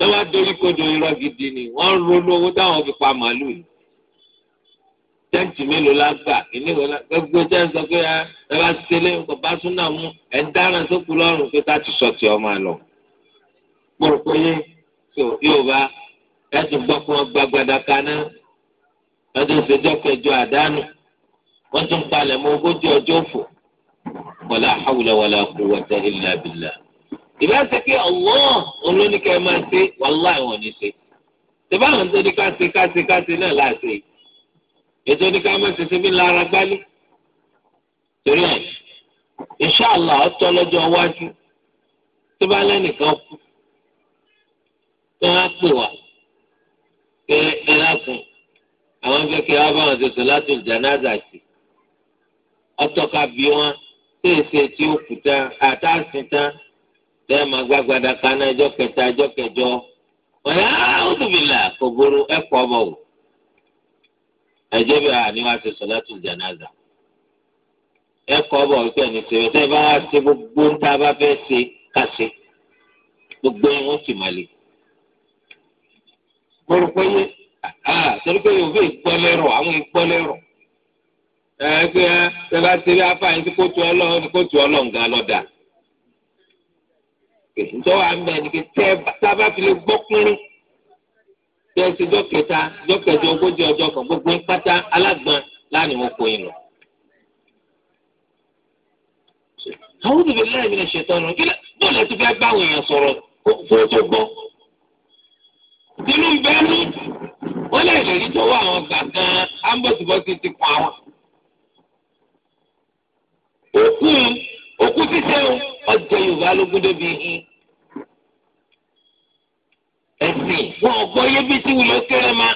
lọ́wọ́ dorí kodò irọ́ gidi ni wọ́n ń ronú owó táwọn fi pa màálù yìí tẹ́ǹtì mélòó la gbà kíní wọn la gbogbo tẹ́ǹtì sọ pé ah, ẹ bá ṣẹlẹ̀ nǹkan bá súnà mú ẹ̀ ń dáná sókù lọ́rùn pé táti sọ̀tì ọmọ lọ. mo rò pé yóò bá ẹ gbọ́ kí wọ́n gba gbadaka náà lọ́dún ìṣèjọ́ kẹjọ àdánù wọ́n tún palẹ̀ mọ́ ogójì ọjọ́ òfò wala hawla wala quwwata illa billah ìbáṣe pé ọ̀wọ́n olóníkà ẹ máa ṣe wàhálà ìwọ̀n ní ṣe tẹ̀bá àwọn tó ní ká ṣe ká ṣe ká ṣe náà láṣẹ ètò oníkà máa ṣe ṣe bí lára gbálí torí ẹ̀ inṣàlá ọtọ́ lọ́jọ́ iwájú tó bá lẹ́nìkan kú tó wá pè wá pé ẹ lákùn àwọn akẹ́kẹ́ wa bá wọn ṣe sọ̀látù jánásà sí ọtọ́ bí wọn tó tí ó kù tán àtàsìn tán bẹ́ẹ̀ máa gbàgbàdà kaná ẹjọ́ kẹta ẹjọ́ kẹjọ wọ́n yá ọdúnmìlà kò burú ẹ̀kọ́ ọmọ o ẹjẹ́ bí a ní wàá ṣe sọ̀látù jánásà ẹ̀kọ́ ọmọ ìpè ní sèrè tẹ́ bá wàá ṣe gbogbo ń tá a bá fẹ́ ṣe kàṣe gbogbo ẹ̀ wọ́n sì máa le. mo rò pé yé torí pé yòówù ìgbọ́ lẹ́rọ̀ àwọn ìgbọ́ lẹ́rọ̀ ẹ pé ẹ bá ṣe bí afáyín tí kò tu ọlọ́run ntọ́ wa ń bẹ̀ ni kí tẹ́ tábà fi lè gbọ́ pínrín tẹ́ ẹ ti jọ́ kẹta jọ́ kẹjọ ogójì ọjọ́ kan gbogbo ń pátá alágbọ̀n láàrin wọn kò yín lọ. àwọn òbí lẹ́yìn mi lè ṣètò ọ̀nà kí bọ́ọ̀lù ti fẹ́ bá àwọn èèyàn sọ̀rọ̀ fún tó gbọ́. inú ń bẹ́ẹ̀ ní wọ́n lè rí tó àwọn gbà gan ti pa wọn. jẹ yorùbá lógún débi yín ẹsìn wọn ò gbọ́ yé bí tí wúlò kéré ma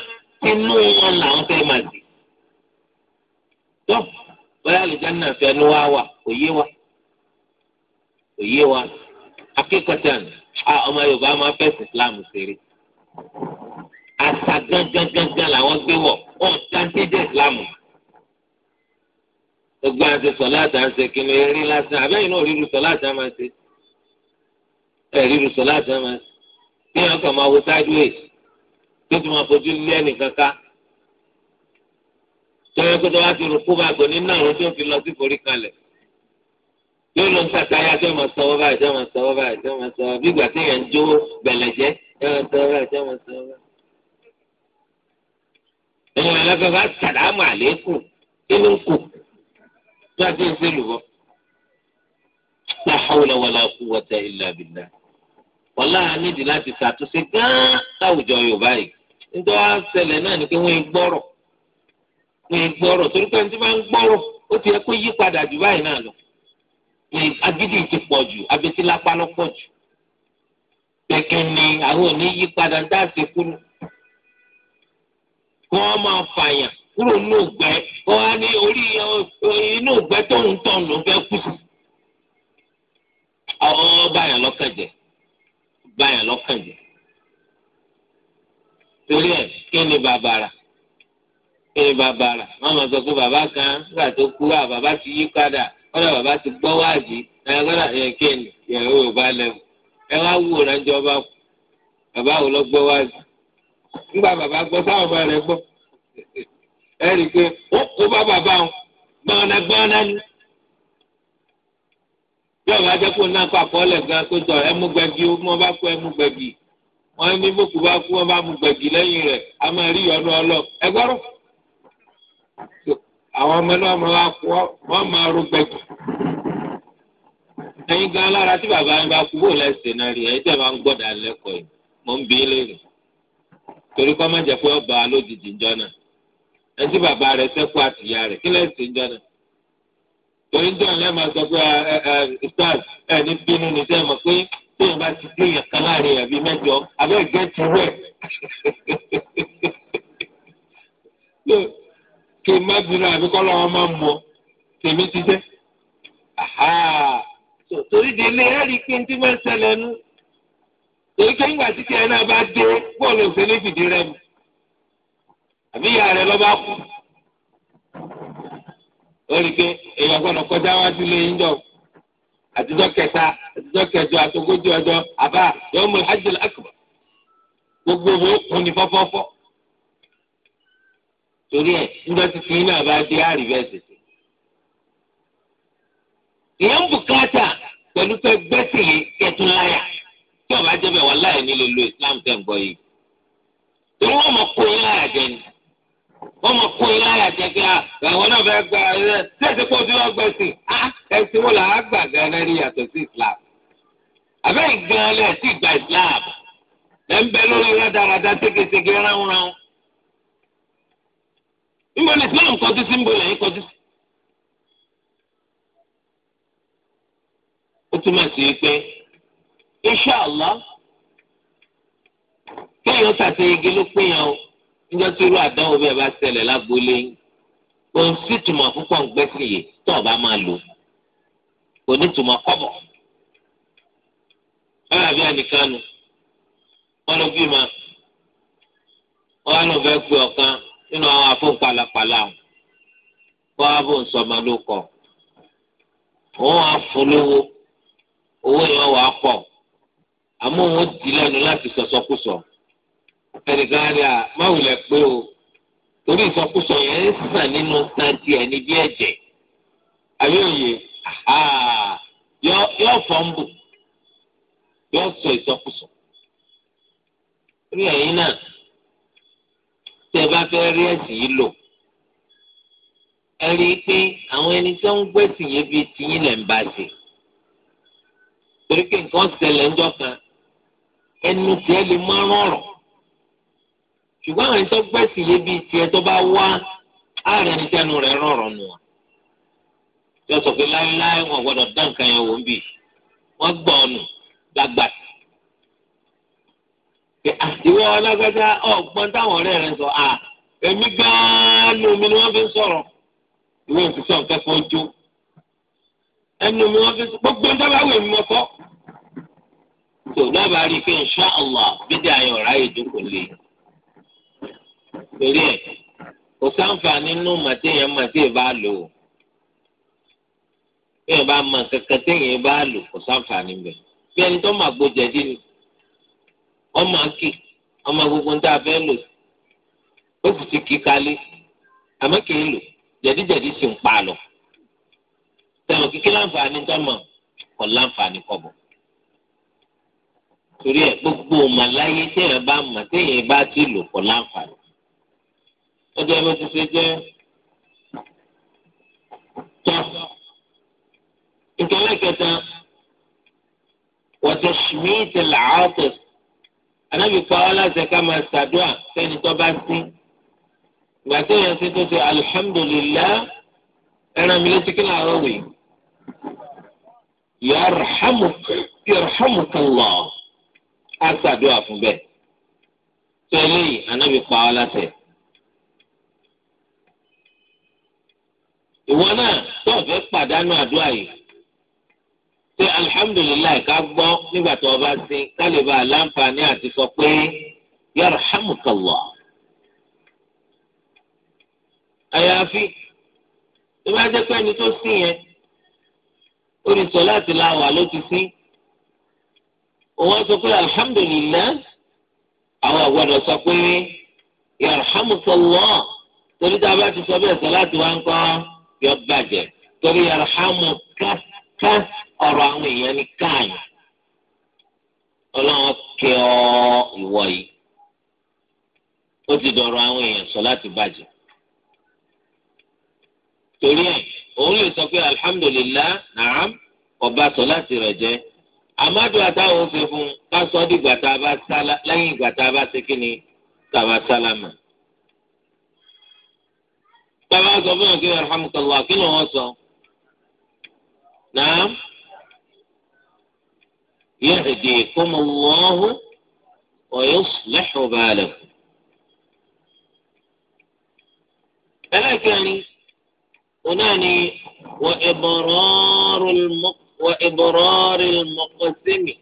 inú wọn làwọn fẹẹ máa dì tó báyà àlùjáná fẹnu wá wà kò yé wa kò yé wa akẹ́kọ̀ọ́tà ni ọmọ yorùbá máa fẹsẹ̀ islam ṣeré àṣà gangan gangan làwọn gbé wọ̀ ọ̀ dáńtẹ́jẹ́ islam mọ́ gbogbo àti sọláàtà ń ṣe kí ni eré lásán àbẹ́yìn náà ríru sọláàtà máa ṣe ẹ̀ ríru sọláàtà máa ṣe bí wọn kàn máa wo sideways tó ti máa fojú lé ẹnìkan ká tọ́wọ́ pé tọ́wọ́ ti rúkú bá gbọ́ nínú àwọn tó ń fi lọ sí forí kalẹ̀ yóò lọ ń sàtáyà tó máa sọ wọ́n báyìí tó máa sọ wọ́n báyìí tó máa sọ wọ́n bí ìgbà tí yẹn ń jó bẹ̀lẹ̀jẹ́ tó máa sọ wọ́n báyìí tó sọ wọ́n ẹ̀yin gbàgbé ń sèlú bọ la hawla wala quwwata illa billah wàlá nídìí láti ṣàtúnṣe gán láwùjọ yorùbá yìí nítorí wàá ṣẹlẹ̀ náà ni pé wọn ń gbọ́rọ̀ wọn ń gbọ́rọ̀ torí pé nítorí wọn ń gbọ́rọ̀ ó ti yẹ kó yí padà jù báyìí náà lọ agídí ti pọ̀ jù abetí lápá pọ̀ jù kẹ̀kẹ́ ni àwọn ò ní yí padà dáàsì kúrò kí máa fàyàn kúrò nínú ìgbẹ́ ó wá ní orí inú ìgbẹ́ tó ń tọ̀ ló fẹ́ kú sí. àwọn báyà lọ́kàn jẹ báyà lọ́kàn jẹ torí ẹ̀ kí ni bàbàrà kí ni bàbàrà wọ́n máa sọ pé bàbá kan nígbà tó kú wá bàbá ti yí padà kọ́dà bàbá ti gbọ́ wáàdì ẹ̀ kọ́dà ẹ̀ kí ni ẹ̀ ò bá lẹ́wọ̀ ẹ wá wò ránjọ bá kú bàbá ò lọ gbọ́ wáàdì nígbà bàbá gbọ́ sáwọn ọmọ rẹ̀ gbọ́ ẹ rí i pé ó kó bá bàbá wọn gbọ́nagbọ́ná ni. bí ọ̀rọ̀ ajẹ́ kó náà papọ̀ lẹ̀ gan pé tọ̀ ẹ mú gbẹ̀gì ó mọ́ bá kú ẹ mú gbẹ̀gì wọ́n ní bókù bá kú wọ́n bá mú gbẹ̀gì lẹ́yìn rẹ̀ a máa rí ìyọnu ọlọ ẹ gbọ́rọ̀ àwọn ọmọ náà máa wá kú wọ́n máa ro gbẹ̀gì. ẹ̀yin gan lára tí bàbá yín bá kú bó lẹ́sẹ̀ náà rí ẹ̀yin tẹ̀ máa ń gbọ́dọ̀ alẹ́kọ̀ọ́ yìí mò ń bí lérè torí kọ́ máa jẹ́ pé ọba lójijì jọ náà ẹtí bàbá rẹ̀ sẹ́kù àtìyá rẹ̀ kí lẹ́yìn tí ń jọ náà. torí ń jọ lẹ́yìn máa sọ pé ẹ ẹ stars ẹ ní bínú ní sẹ́yìn mọ̀ pé tóyìn bá ti dé èèyàn kan láàrin àbí mẹ́jọ abẹ́ ìgbẹ́ ti wẹ̀. kì í má bínú àbí kọ́ lọ́wọ́ máa mú tèmi ti jẹ́. torí délé ẹ rí i pé tí máa ń ṣẹlẹ̀ nu torí pé ńgbà tí kìí ẹ náà bá dé bọ́ọ̀lù òfin ní fìdí rẹ̀ mu àbí ìyá rẹ lọ́ba kú ó rí i pé èèyàn gbọ́dọ̀ kọjá wájú lé yín jọ àtijọ́ kẹta àtijọ́ kẹjọ àtogójì ọjọ́ àbá yóò mú hajjil akbar gbogbo owó òun ni fọ́fọ́fọ́ torí ẹ̀ níjọ́ ti fi iná bá dé àríwẹ̀sì ìyẹn ń bùkátà pẹ̀lú pé gbẹ́sì yìí kẹtùn tí ọba jẹ́ bẹ̀ wọ́n nílò lo Islam tẹ̀ ń gbọ́ yìí torí wọ́n mọ̀ kó yín láyà jẹ́ ni. wọ́n mọ̀ kó ilé àyàjẹ́ a àwọn náà fẹ́ gba ẹ̀ lẹ́sìn pé ojú náà gbẹ̀sìn á ah, ẹ̀sìn wo là á gbà gan ní yàtọ̀ sí Islam àbẹ́yìn gan Islam ń bẹ lórí ségesège ránwó níbo ni Islam kọjú sí níbo o. níjọ́ tí irú àdánwò bẹ́ẹ̀ bá ṣẹlẹ̀ lágboolé òun sì túmọ̀ púpọ̀ ń gbẹ́sìn yìí tó ọba máa lò kò ní túmọ̀ kọ́bọ̀. ọ̀rọ̀ àbí ànìkanu wọn ló bí ma wọn ló fẹ́ pe ọ̀kan nínú àwọn afọ́npalapala kó abó nsọ́mọ ló kọ̀ òun á fún lówó owó yẹn wà á pọ̀ àmọ́ òun dì lẹ́nu láti sọ̀sọ́kùsọ̀. So, so, ẹnìkan rẹ à máwùlẹ̀ pé o torí ìsọkúsọ yẹn ń sàn nínú santi ẹni bí ẹ̀jẹ̀ àyòòye yọ fọ́nbù yọ sọ ìsọkúsọ rí ẹ̀yin náà tẹ́ bá fẹ́ rí ẹ̀sìn yìí lò ẹ rí i pé àwọn ẹni tó ń gbẹ̀sìn yẹn bíi tiyín lẹ̀ ń bá ṣe torí pé nǹkan ṣẹlẹ̀ ńjọ́ kan ẹnu tiẹ̀ lè máa rọrùn ṣùgbọ́n àwọn ìtọ́ gbẹ̀sì yé bíi tiẹ̀ tó bá wá ààrẹ ní tẹnu rẹ̀ rọ̀rọ̀ nù ọ́ yọ sọ pé láéláé wọn gbọdọ̀ dán nǹkan yẹn wò ń bì wọ́n gbọ́ ọ̀nù lágbà ìwọ ọlọ́gbẹ́dá ọ̀gbọ́n táwọn ọ̀rẹ́ rẹ sọ à èmi gan-an lómi ni wọ́n fi ń sọ̀rọ̀ ìwé òṣìṣẹ́ ọ̀kẹ́ fún ẹnu mi wọ́n fi gbogbo ń dábàá wẹ̀ tó dábàá rí i pé insha Allah bídà ayọ̀ ráyè jókòó lé torí ẹ̀ kò sáǹfà nínú màtíyàn màtíyàn bá lò ó téèyàn bá mọ kankan téèyàn bá lò kò sáǹfà níbẹ̀ bí ẹni tó máa gbójẹ dí ni ọmọ akì ọmọ gbogbo ń tá a fẹ́ lò ó sì ti kí kálí àmọ́ kì í lò jẹ̀díjẹ̀dí sì ń pa lọ tẹ̀wọ̀n kíkí láǹfààní tọ́mọ̀ kọ̀ láǹfààní kọ̀bọ̀ torí ẹ̀ gbogbo màláyé téèyàn bá mọ̀ téèyàn bá ti lò kọ̀ láǹfààní ọjọ́ ẹgbẹ́ ti ṣe jẹ́ tọ́. ìkẹlẹ́ kẹta wọ́tẹ̀ ṣmíìtì làátẹ̀ anábì pa ọ́ láti ká máa ṣàdúrà sẹ́ni tó bá sí. ìgbà tí èèyàn ṣe tó ṣe alihamudulilayi ẹran mi létí kí làárọ̀ wì. yarhamukallah á ṣàdúrà fún bẹ́ẹ̀. tó eléyìí anábì pa ọ́ láti ẹ̀. ìwọ náà tó o fẹ́ pàdánù àdúrà yìí ṣe alihamudulilayi ká gbọ́ nígbà tó o bá sin ká lè bá a láǹfààní àti sọ pé yarhamukallah. àyàfi tó bá jẹ́ pé ẹni tó sìn yẹn ó ní sọ láti láwà ló ti sìn òun sọ pé alihamudulilayi àwọn àgbàdo sọ pé yarhamukallah torí tá a bá ti sọ bẹ́ẹ̀ sọ láti wá ń kọ́ yọ bàjẹ́ torí arahamu ká ọ̀rọ̀ àwọn èèyàn ní káàyè ọlọ́run kẹ ọ ìwọ yìí ó ti dọ̀rọ̀ àwọn èèyàn sọ láti bàjẹ́ torí ẹ̀ òun lè sọ pé alhamdulilah naam ọba sọ láti rẹ̀ jẹ́ amadu àtàwọn òfin fún ká sọ ọ́ dìgbà bá sálá lẹ́yìn ìgbà bá ṣe kí sálámà bàbá sọ fún yàn kí alhamdulilah kí ló wọn sọ náà yahdikum Allahu wa yuslihu balakum. ẹlẹ́kẹ̀rin onáni wa ibrarul muqsimi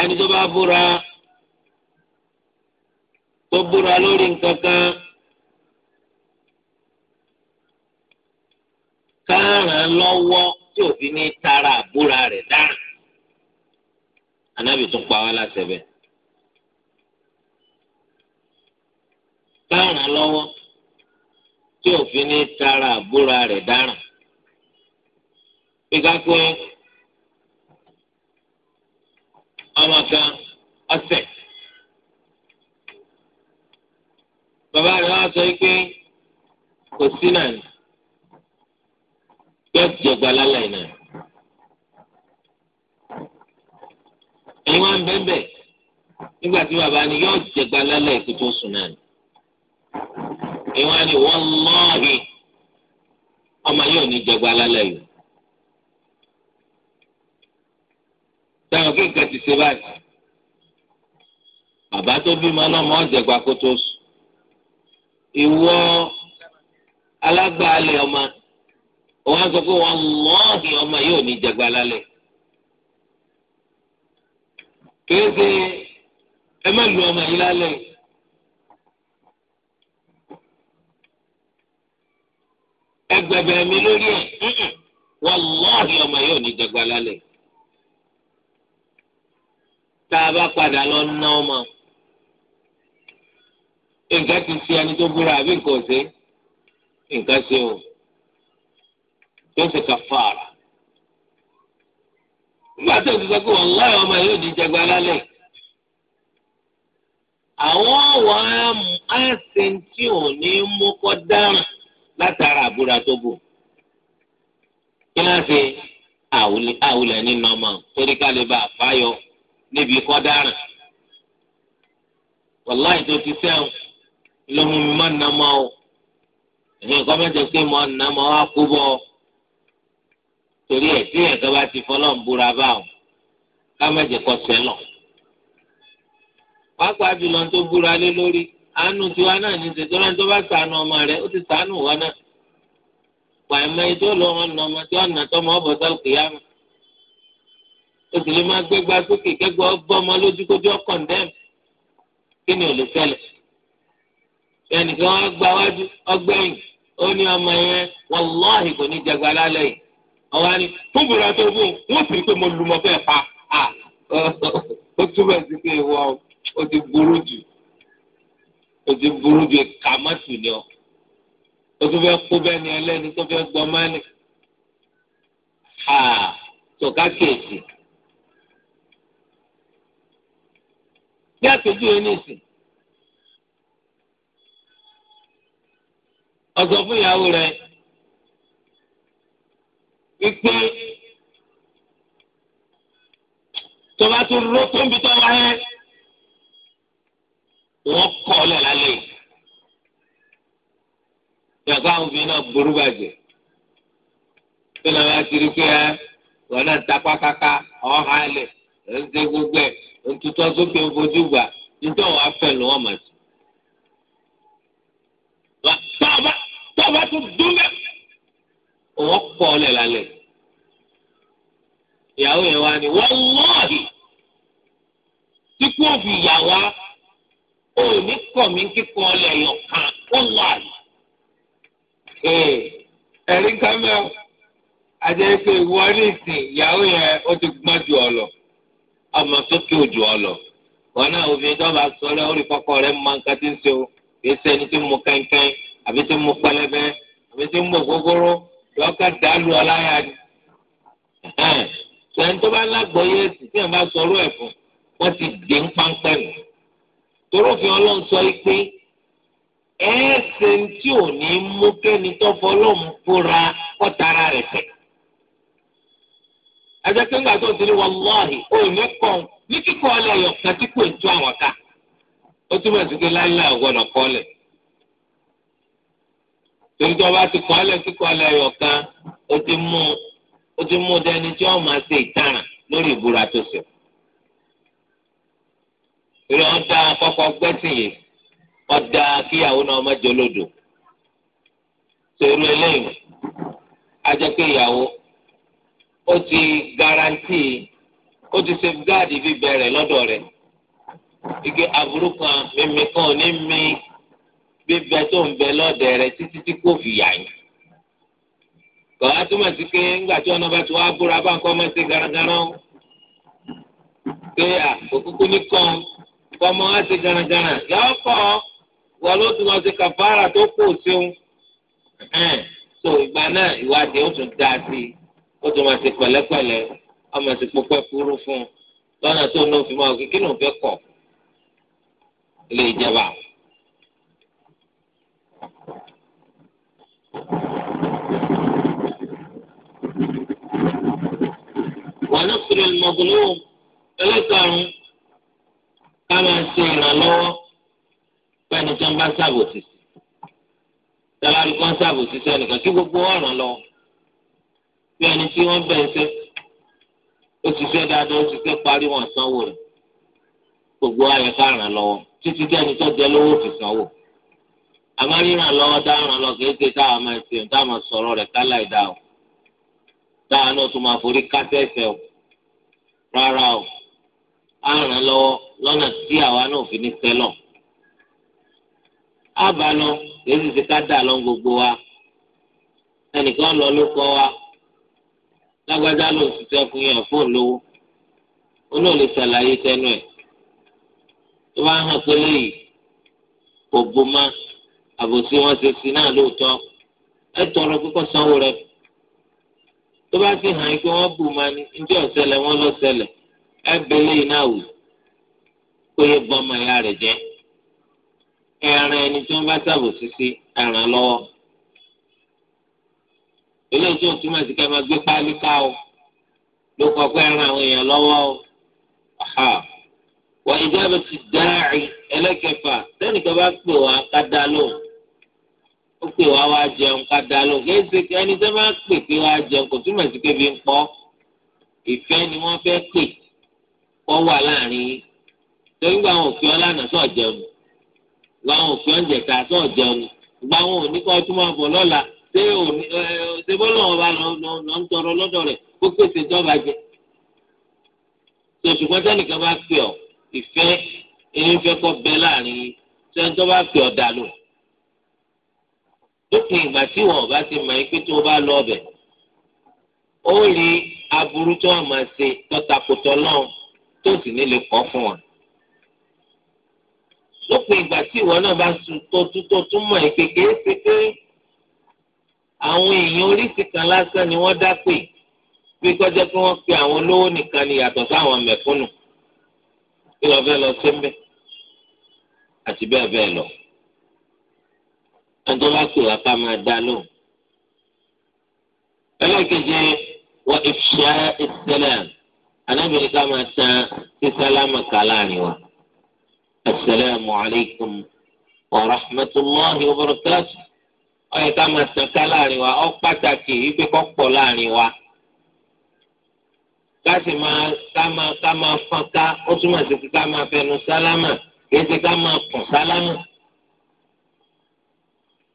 ẹni tó bá búra tó búra lórí nǹkan kan. tààràn lọ́wọ́ tí òfin ní tara àbúra rẹ̀ dáhùn. anábì tún pa wá láṣẹ bẹ́ẹ̀. tààràn lọ́wọ́ tí òfin ní tara àbúra rẹ̀ dáhùn. gbígbá pé ọmọ kan ọ̀sẹ̀. bàbá rẹ̀ wá sọ pé kò sí náà yóò jọgba lálẹ́ náà. ẹ̀yin wá ń bẹ́ńbẹ́ nígbà tí bàbá ni yóò jẹgba lálẹ́ ikú sùn náà. ẹ̀yin wá ní ọmọ yóò ní jẹgba yìí. táwọn ti ṣe báyìí bàbá tó náà mọ ọmọ. òun sọ pé wọn mọ́ọ̀hì ọmọ yóò ní jẹgba lálẹ́ kìí ṣe ẹ má lu ọmọ yìí mi lórí wọn ọmọ ní jẹgba padà lọ ná ọmọ nǹkan ti ṣe ẹni tó búra àbí nǹkan yóò ṣe kàfàrà nígbà tó ti sọ pé wọn láyọ ọmọ yóò ní jẹgba lálẹ́ àwọn wà á ṣe tí ò ní mú kọ́ dáhùn látara àbúrò tó bù kí náà ṣe àwùlẹ̀ nínú ọmọ torí ká lè bá a fáyọ níbi kọ́ dáhùn wàláì tó ti sẹ́wọ̀n ló mú mi má nà mọ́ o ẹ̀yin kọ́ mẹ́jọ pé mo nà mọ́ kú bọ́ ọ. torí ẹ̀ tí ẹ̀dọ́ bá ti fọlọ́n búra báwọn ká jẹ jẹ́ lọ sẹ́lọ̀. pàápàá jùlọ tó búra lé lórí àánú tiwa náà ní ṣètò náà tó bá sànù ọmọ rẹ ó ti sànù wọn náà. pàìmọ́ ijó ló hàn ọmọ tí tọmọ o sì lè gbégbá sókè ọmọ lójú kójú ọkàn kí ni ò lè ẹnìkan wọn gba wájú ó ní ọmọ yẹn àwọn àni fún bùrọ̀ tó bù wọ́n sì rí pé mo lù mọ́ fẹ́ pa ó túbọ̀ sí pé ìwọ ó ti burú jù ó ti burú jù ká má tù ní ọ ó tún fẹ́ kó bẹ́ẹ̀ ni ẹlẹ́ni tó fẹ́ gbọ́ mọ́ni tọ́ka kéèsì. bí àpèjú yẹn ní ìsìn ọ̀sọ̀ fún ìyàwó rẹ̀ wípé tọba tó ro tó ń bi tọba wọn kọ ọ lọla lẹ́yìn yàtọ̀ àwọn obìnrin náà burú bàjẹ́ tó náà wá sí ike ẹ wọn náà kaka ọ̀hán alẹ̀ ẹ̀ gbogbo ẹ̀ ń tutọ́ gbà nítorí ló sí. òun kọ́ ọ lẹ̀ lálẹ́ ìyàwó yẹn wá ní wọ́ọ́lọ́ọ̀hì tí kò fi yà wá ó ní kọ̀ mí kíkọ́ ọ lẹ̀ yọ̀ kan wọ́ọ́lọ́ọ̀hì. ẹ̀rí kámẹ́ o àjẹsẹ̀ ìwọ ní ìsìn ìyàwó yẹn ó ti gbọ́n ju ọ lọ ọmọ sókè òjò ọ lọ wọn náà obìnrin tó bá sọ rẹ ó rí kọkọ rẹ máa ń tí ń ṣe o kì í ṣe ẹni tí mo kẹ́ńkẹ́ń àbí tí mo pẹlẹbẹ àbí tí mo gbogbooro lọ́kà dàlú ọláyà ni. sọ̀rọ̀ tó bá lágbọ̀ọ́yé ẹ̀sìn tí wọ́n bá sọ̀rọ̀ ẹ̀ fún wọ́n ti dé ń pánpẹ́ nù. torófin ọlọ́run sọ yìí pé ẹ̀ẹ́sẹ̀ tí ò ní mú kẹ́ni tó fọlọ́mù fúnra kọ́tara rẹ̀ tẹ̀. ajẹ́pẹ́ ńgbà tó ti ní wàláhì ó ní kàn ní kíkọ́ ọlẹ́yọ̀ kan tí kò ń tú àwọn ká. ó túmọ̀ sí pé láíláì ọ̀gbọ́dọ̀ kọ́ ọlẹ̀ torí tí wọn bá ti kọ́ ẹ lẹ́kíkọ́ ẹ lẹ́yọ̀ kan ó ti mú ó ti mú dání tí wọn máa ṣe ìtaràn lórí ìbúra tó ṣe. ìrẹ̀ wọn dá kọ́kọ́ gbẹ́sìn yìí wọ́n dá kíyàwó náà mọ́jọ lódò. sèrú eléyìí ajẹ́ pé ìyàwó ó ti garanti ó ti safeguard bíbẹ̀ rẹ̀ lọ́dọ̀ rẹ̀ ike aburú kan mímí kan ò ní mí bíbẹ tó ń bẹ lọ́dẹ rẹ títí tí kò fi yà yín kọ́ á túmọ̀ sí pé ńgbà tí ọ̀nà bá ti wá búra bá ń kọ́ ọmọ ṣe garagara ó pé à òkúkú ní kàn kọ́ ọmọ wa ṣe garagara yọ̀ọ́ kọ́ wọ́n ló tún lọ ṣe kàfàrà tó kù síun so ìgbà náà ìwádìí ó tún dáa sí i ó tún máa ṣe pẹ̀lẹ́pẹ̀lẹ́ ó máa ṣe pọpẹ́ fúrú fún un lọ́nà tó ní òfin máa kékeré òun fẹ́ kọ̀ ilé ìjọba ونصر المظلوم ẹlẹ́tọ̀ọ̀rún ká máa ṣe ìrànlọ́wọ́ fẹ́ni tó ń bá ṣàbòsí sí tẹ́lárí kan ṣàbòsí sí ẹnìkan kí gbogbo ọ̀ràn lọ bí ẹni tí wọ́n bẹ̀ ń ṣe ó ti ṣe dáadáa ó ti ṣe parí wọn sanwó rẹ̀ gbogbo ayẹ̀ká ràn lọ́wọ́ títí dẹ́ni tó jẹ́ lówó fi sanwó àmọ́ ríran lọ́wọ́ dáràn lọ kì í ṣe táwọn máa ṣe ohun táwọn sọ̀rọ̀ rẹ̀ kálá ìdá o táwọn náà tún máa forí kásẹ̀ẹ̀sẹ̀ o rárá o á ràn lọ́wọ́ lọ́nà tí àwa náà fi ní sẹ́lọ̀ á bá lọ kì í sì ṣe ká dà lọ gbogbo wa ẹnìkan lọ ló kọ́ wa lágbájá ló ń ṣiṣẹ́ fún yẹn fóònù lówó ó náà lè ṣàlàyé tẹnu ẹ̀ tó bá hàn pé léyìí kò bo máa àbòsí wọn ṣe sí náà lóòótọ́ ẹ tọrọ kíkọ́ sanwó rẹ tó bá fi hàn pé wọ́n bù máa ní njẹ́ ọ̀sẹ̀lẹ̀ wọn lọ́sẹ̀lẹ̀ ẹ bẹ̀lẹ̀ iná wù kó yẹ bọ́ ọmọ ìyá rẹ̀ jẹ́ ẹran ẹni tí wọ́n bá ṣàbòsí sí ẹran lọ́wọ́ eléyìí tó túmọ̀ sí ká máa gbé páálí ká o ló kọ pé ẹran àwọn èèyàn lọ́wọ́ o wọ́n ìjábẹ̀ ti dáàrí ẹlẹ́kẹ̀fà sẹ́nìkan bá pè wá ká dá lóhùn ó pè wá wá jẹun ká dá lóhùn kí ẹsẹ kí ẹni tẹ́ máa pè pé wá jẹun kò túmọ̀ sí pé bí ń pọ́ ìfẹ́ ni wọ́n fẹ́ pè kọ́ wà láàrin yín torí gba àwọn òfin ọlànà sọ̀ jẹun gba àwọn òfin oúnjẹ ká sọ̀ jẹun gba àwọn òní kọ́ tún máa bọ̀ lọ́la ṣé òní ẹ ṣe bọ́ lọ́wọ́ bá lọ ń tọrọ lọ́dọ̀ rẹ̀ kó pèsè ìjọba jẹ tòṣùgbọ́n tẹ́nìkan bá pè ọ́ ìfẹ́ ẹni fẹ́ kọ́ bẹ láàrin ṣé ń tọ́ bá pè ọ́ dà lóhùn lópin ìgbà tí wọn bá ti mọ ikú tó bá lọ ọbẹ ó rí aburú tó wọn máa ṣe tọtakùtọ lọhùn tó sì ní lè kọ fún wọn lópin ìgbà tí ìwọ náà bá tó tún mọ ìpè kéésì pé àwọn èèyàn oríṣi kan lásán ni wọ́n dá pè pé kọjá pé wọ́n pe àwọn olówó nìkan ni yàtọ̀ sáwọn mẹ̀kúnnù kí lọ fẹ́ lọ sí mbẹ àti bẹ́ẹ̀ bẹ́ẹ̀ lọ ẹjọ́ bá pè wá ká máa dá lóhùn. ẹlẹ́kẹ̀jẹ wọ ìfṣà ìṣẹ̀lẹ̀ anábìrin ká máa san sísálámà ká láàrin wa. asalaamu alaykum wa rahmatulahi wa barakatu. ọyẹ ká máa san ká láàrin wa ọ pàtàkì ibi kọ́ láàrin wa. ká sì máa ká máa ká máa fọ́n ká ó túmọ̀ sí ká máa fẹnu sálámà kí ẹ ti ká máa kùn sálámà.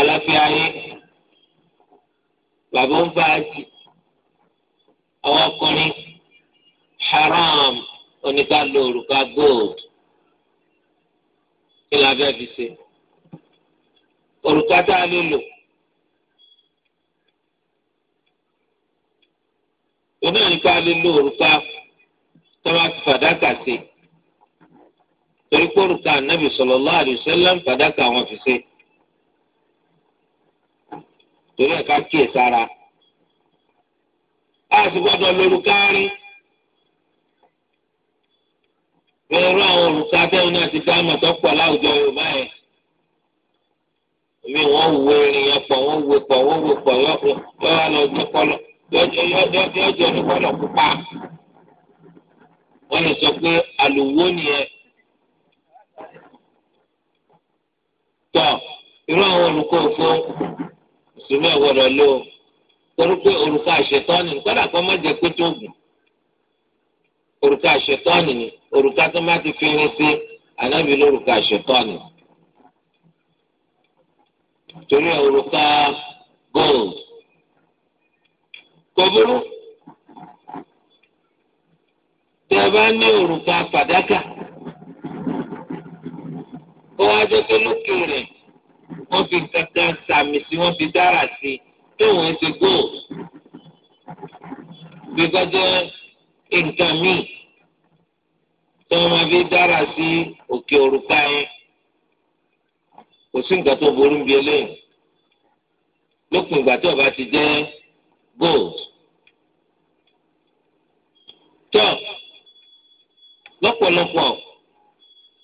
àlàáfíà ayé bàbá ń bá a jì àwọn ọkùnrin haram oníkàlò òrùka gold kí la fẹ́ fi ṣe òrùka tá a lè lò. oní àyíká lè lo òrùka tó máa fi fàdákà sí torí pé fi ṣe torí ẹ̀ ká kíyè sára a sì gbọ́dọ̀ lórúkà rí irú àwọn òrùka tẹ́wọ́n náà ti dá àmọ̀ tó pọ̀ láwùjọ Yorùbá yẹn mi wọ́n wo ènìyàn pọ̀ wọ́n wo pọ̀ wọ́n wo pọ̀ yọ̀ọ́ wá lọ jẹ́ kọ́lọ́ yọ̀ọ́ jẹ́ oníkọ́lọ́ pupa wọ́n lè sọ pé àlùwò nìyẹn. tọ́ irú àwọn olùkọ́ òfin mùsùlùmí ẹ̀ wọ̀rọ̀ lé o torí pé òrùka àṣetọ́ni kọ́dà kan má jẹ pé tó gùn òrùka àṣetọ́ni ni òrùka tó má ti fi rin sí ànábì lórúkọ àṣetọ́ni torí òrùka gold kò burú tẹ bá ní òrùka fàdákà ó wá jẹ́ pé lókè rẹ̀ wọ́n fi kankan sàmì sí wọ́n fi dára sí tó wọ́n ṣe gold gbẹgbẹjẹ uh, nǹkan míì tó wọ́n máa fi dára sí òkè òrùka yẹn kò sí nǹkan tó burú bí eléyìí lópin ìgbà tó o bá ti jẹ́ gold tó lọ́pọ̀lọpọ̀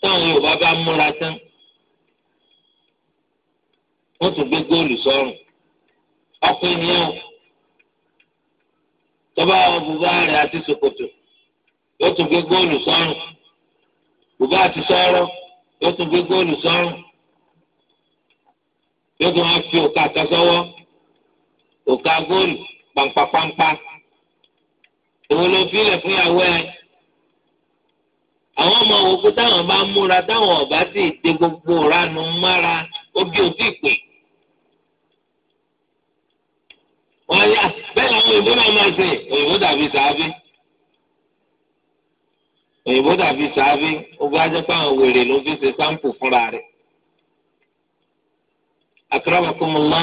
táwọn Yorùbá bá múra tán wọ́n tún gbé góòlù sọ́rùn ọkọ ènìyàn tọ́ba bùbá rẹ̀ àti ṣòkòtò yóò tún gbé góòlù sọ́rùn bùbá àti sọ́rọ́ yóò tún gbé góòlù sọ́rùn yóò tún wá fi òkà àtọ́sọ́wọ́ òkà góòlù pàǹpàpàǹpà èwo ló fílẹ̀ fún ìyàwó ẹ̀ àwọn ọmọ òkú táwọn bá múra táwọn ọ̀bá sì dé gbogbo ránu mára ó bí òtí ìpè. wọ́n yá bẹ́ẹ̀ làwọn òyìnbó náà máa ṣe òyìnbó dàbí sàábí òyìnbó dàbí sàábí ogun ajẹ́pọ̀ àwọn wèrè ló fi ṣe sáǹpù fúnra rẹ̀ àkàràbàkùnmọ́lá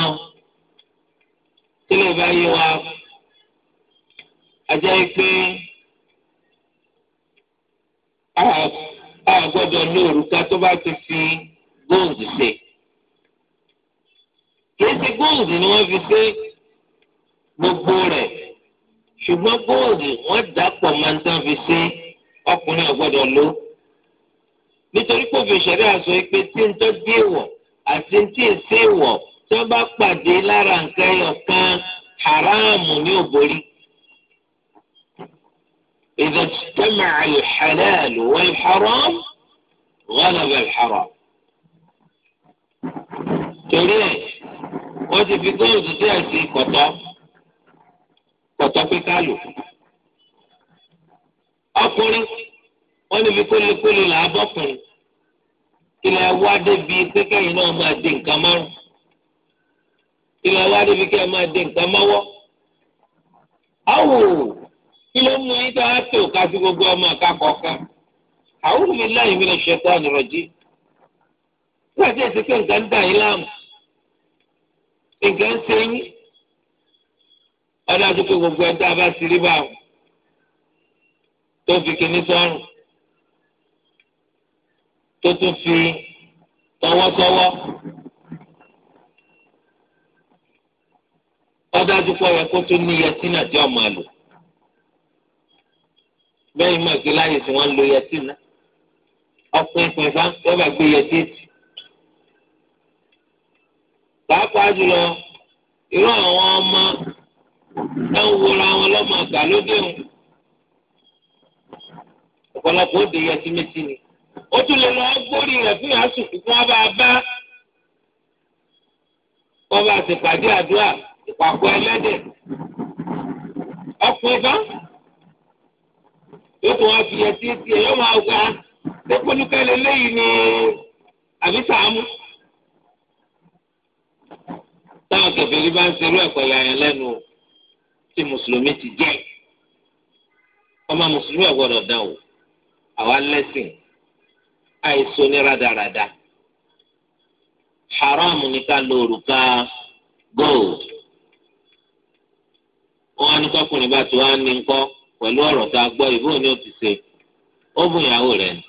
kí lè bá yé wa ajẹ́ pé a gbọ́dọ̀ ní òrùka tó bá ti fi góòlù ṣe kì í ṣe góòlù ni wọ́n fi ṣe é gbogbo rẹ̀ ṣùgbọ́n góòlù wọ́n dà pọ̀ máa ń tán fi ṣe ọkùnrin ọ̀gbọ́dọ̀ ló nítorí kò fi ṣẹ̀rẹ́ àṣọ pé tí ń tọ́ dé wọ̀ àti tí ń ṣe wọ̀ tí wọ́n bá pàdé lára nǹkan ẹyọ kan haramu ní òbórí. إذا اجتمع الحلال والحرام غلب الحرام torí ẹ̀ wọ́n ti fi góòlù sí kọ̀tọ́ kọ̀tọ́ pé ká lò. ọkùnrin wọn níbi kólékólé là á bọ́kùnrin ilẹ̀ wá débi pé kẹ́yìn náà máa di nǹkan márùn ilẹ̀ wá débi kẹ́yìn máa di nǹkan mọ́wọ́. awò kí ló mú yín ká tó ká sí gbogbo ọmọ ẹ̀ka kọ̀ọ̀kan àwọn mi láyé mi lè ṣètò ànìrọ̀jì nígbà tí èsì pé nǹkan dà yín láàmú nǹkan ń ṣe yín ọlọ́dún pé gbogbo ẹ̀ tá a bá ti rí bá wọn tó fi kíní sọ́rùn tó tún fi tọwọ́tọwọ́ ọdájú pọ̀ yẹ kó tún ní yẹtínà tí ọmọ àlò bẹ́ẹ̀ mọ̀ pé láyé tí wọ́n ń lo yẹtínà ọkùnrin pẹ̀fà wọ́n bá gbé yẹtínà pàápàá jùlọ irú àwọn ọmọ ẹ ń wọra wọn lọ́mọ àgbà lóde òun ọ̀pọ̀lọpọ̀ òde yẹ sí méjì ni ó tún lè lọ gbórí rẹ̀ fún yàásù fún wọn bá bá wọn bá ti pàdé àdúrà ìpàkọ́ ẹlẹ́dẹ̀ ọkùnrin fi yẹ sí ni àbí táwọn bá ń serú tí mùsùlùmí ti jẹ́ ọmọ mùsùlùmí ọ̀gbọ́dọ̀ dán o àwa lẹ́sìn àìsàn ní rádaràda haram ní ká lo òrùka gold wọn á ní kọkùnrin bá ti wá ní nkọ pẹ̀lú ọ̀rọ̀ tá a gbọ́ ìbò ni ó ti ṣe ó bùn ìyàwó rẹ̀ ni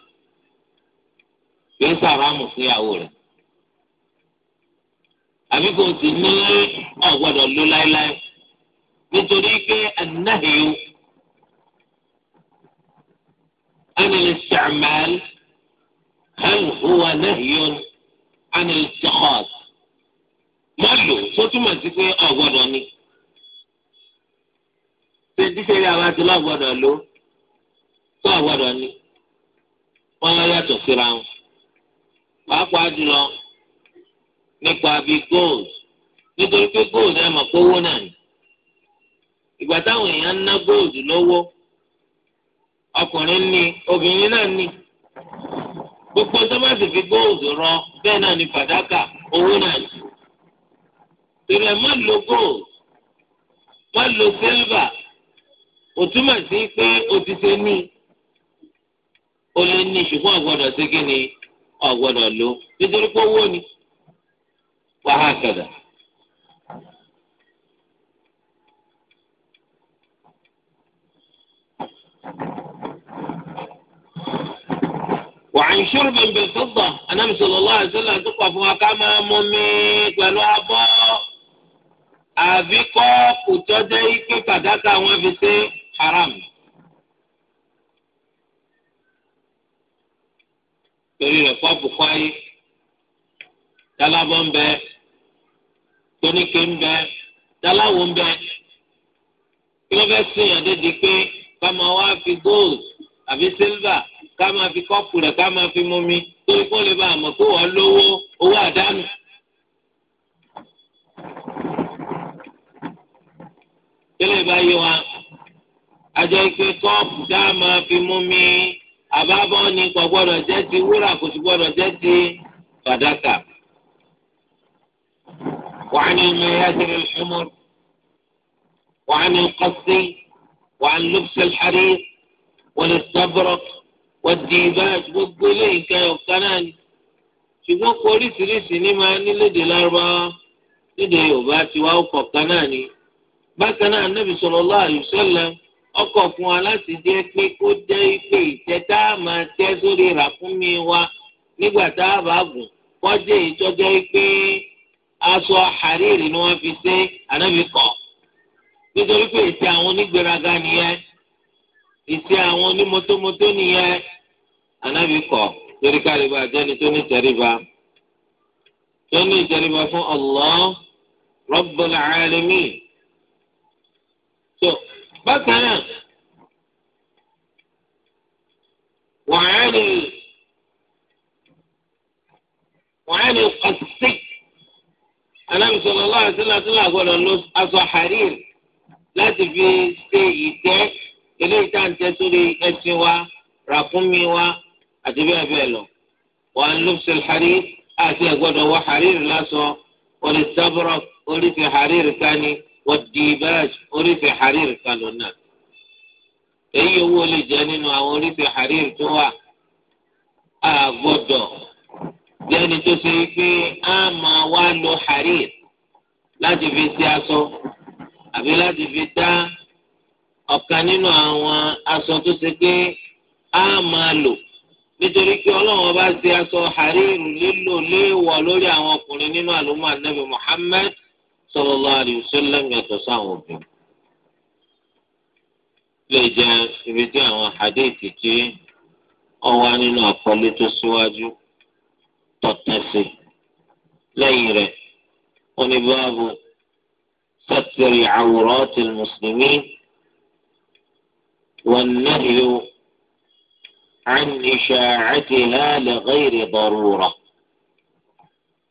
yóò sàrámù fún ìyàwó rẹ̀ àbí kò sì ní ọ̀gbọ́dọ̀ ló láéláé nítorí pé anáhìó anil sàmàl hàn hùwà náhìó anil tẹkọọt má lò tó túmọ̀ sí pé ọ̀gbọ́dọ̀ ni ṣe díṣẹ́ rí àwọn àti lọ́gbọ́dọ̀ ló tó ọ̀gbọ́dọ̀ ni wọ́n lọ yàtọ̀ síra wọn pàápàá jùlọ nípa bíi gold nítorí pé gold ẹ̀ mọ̀ pé owó náà ni. ìgbà táwọn èèyàn ń ná góòlù lówó ọkùnrin ní obìnrin náà ní gbogbo tó bá sì fi góòlù rọ bẹ́ẹ̀ náà owó náà ìrẹ̀ má lo góòlù má lo sílvà ó túmọ̀ sí pé o ti ṣe ní o lè ní ṣùgbọ́n ọ̀gbọ́dọ̀ kí ni ọ̀gbọ́dọ̀ lo nítorí pé owó ni wàhálà kẹ̀dà. وعن شرب ń bẹ̀ صلى الله عليه وسلم wasallam tó pa fún wa ká máa mú mi pẹ̀lú abọ́ àbí kọ́ọ̀pù tọ́jẹ́ ike fàdákà wọn fi ṣe haram. torí rẹ̀ kọ́ọ̀pù kwáyé dálábọ́ ń bẹ tóníkè ń bẹ dáláwo ń bẹ kí wọ́n fẹ́ sèèyàn dédìí pé ká máa fi gold àbí silver ká máa fi kọ́ọ̀pù rẹ̀ ká máa fi mú mi torí kó lè bá a mọ̀ pé wọ́n lówó owó àdánù. tẹ́lẹ̀ bá yé wa àjọ ìpè kọ́ọ̀pù tá a máa fi mú àbábọ́ ni kò gbọ́dọ̀ jẹ́ ti wúrà kò sì gbọ́dọ̀ jẹ́ ti fàdákà. وعن المياسر الحمر وعن القصي وعن لبس الحرير والاستبرق wọ́n di báyìí gbogbo ilé nǹkan ọ̀kan náà ni ṣùgbọ́n kọ oríṣiríṣi ní máa lárúbáwá yorùbá ọkọ̀ ni bákan náà Ànábì sallallahu ọkọ̀ fún wa láti jẹ́ pé kó jẹ́ pé ìtẹ́tà máa tẹ́ sórí wa nígbà tá a bá gùn pé aṣọ ni wọ́n fi ṣe Ànábì kọ̀ nítorí pé ìtẹ́ àwọn anábì kọ̀ lórí káríba jẹ́ni tó ní tẹríba tó ní tẹríba fún Allah Rabbul Alamin. tó bákan náà wàhálì wàhálì ọ̀sẹ̀ anábì sallallahu alaihi wasallam àgbọ̀dọ̀ ló aṣọ àárín láti fi ṣe ìtẹ́ eléyìí tá à ń tẹ́ sórí ẹṣin wa ràkúnmí wa àti bẹ́ẹ̀ bẹ́ẹ̀ lọ. wọ́n ń lùsẹ̀ xarí àti ẹ̀gbọ́dọ̀ wọ xaríri lásán wọ́n lè sábọ̀rọ̀ orífẹ̀ xaríri kání wọ́n dìbàj orífẹ̀ xaríri kánò náà. èyí owó lè jẹ́ nínú àwọn orífẹ̀ xaríri tó wà. a gbọ́dọ̀ jẹ́ni tó ṣe pé a máa wá lo xaríri láti fi ṣe aṣọ àbí láti fi dá ọ̀kan nínú àwọn aṣọ tó ṣe pé a máa lò nítorí pé ọlọ́run ọba ṣe aṣọ hariru lílò léèwọ̀ lórí àwọn ọkùnrin nínú àlùmọ́ ànábì Muhammad sallallahu alaihi wasallam yàtọ̀ sáwọn obìnrin. lè jẹ́ ibi tí àwọn hadith tí ó wà nínú àkọlé tó síwájú tọ̀tẹ̀sí lẹ́yìn rẹ̀ ó ní báàbò sátìrì awratil muslimin wan nahyu. عن إشاعتها لغير ضرورة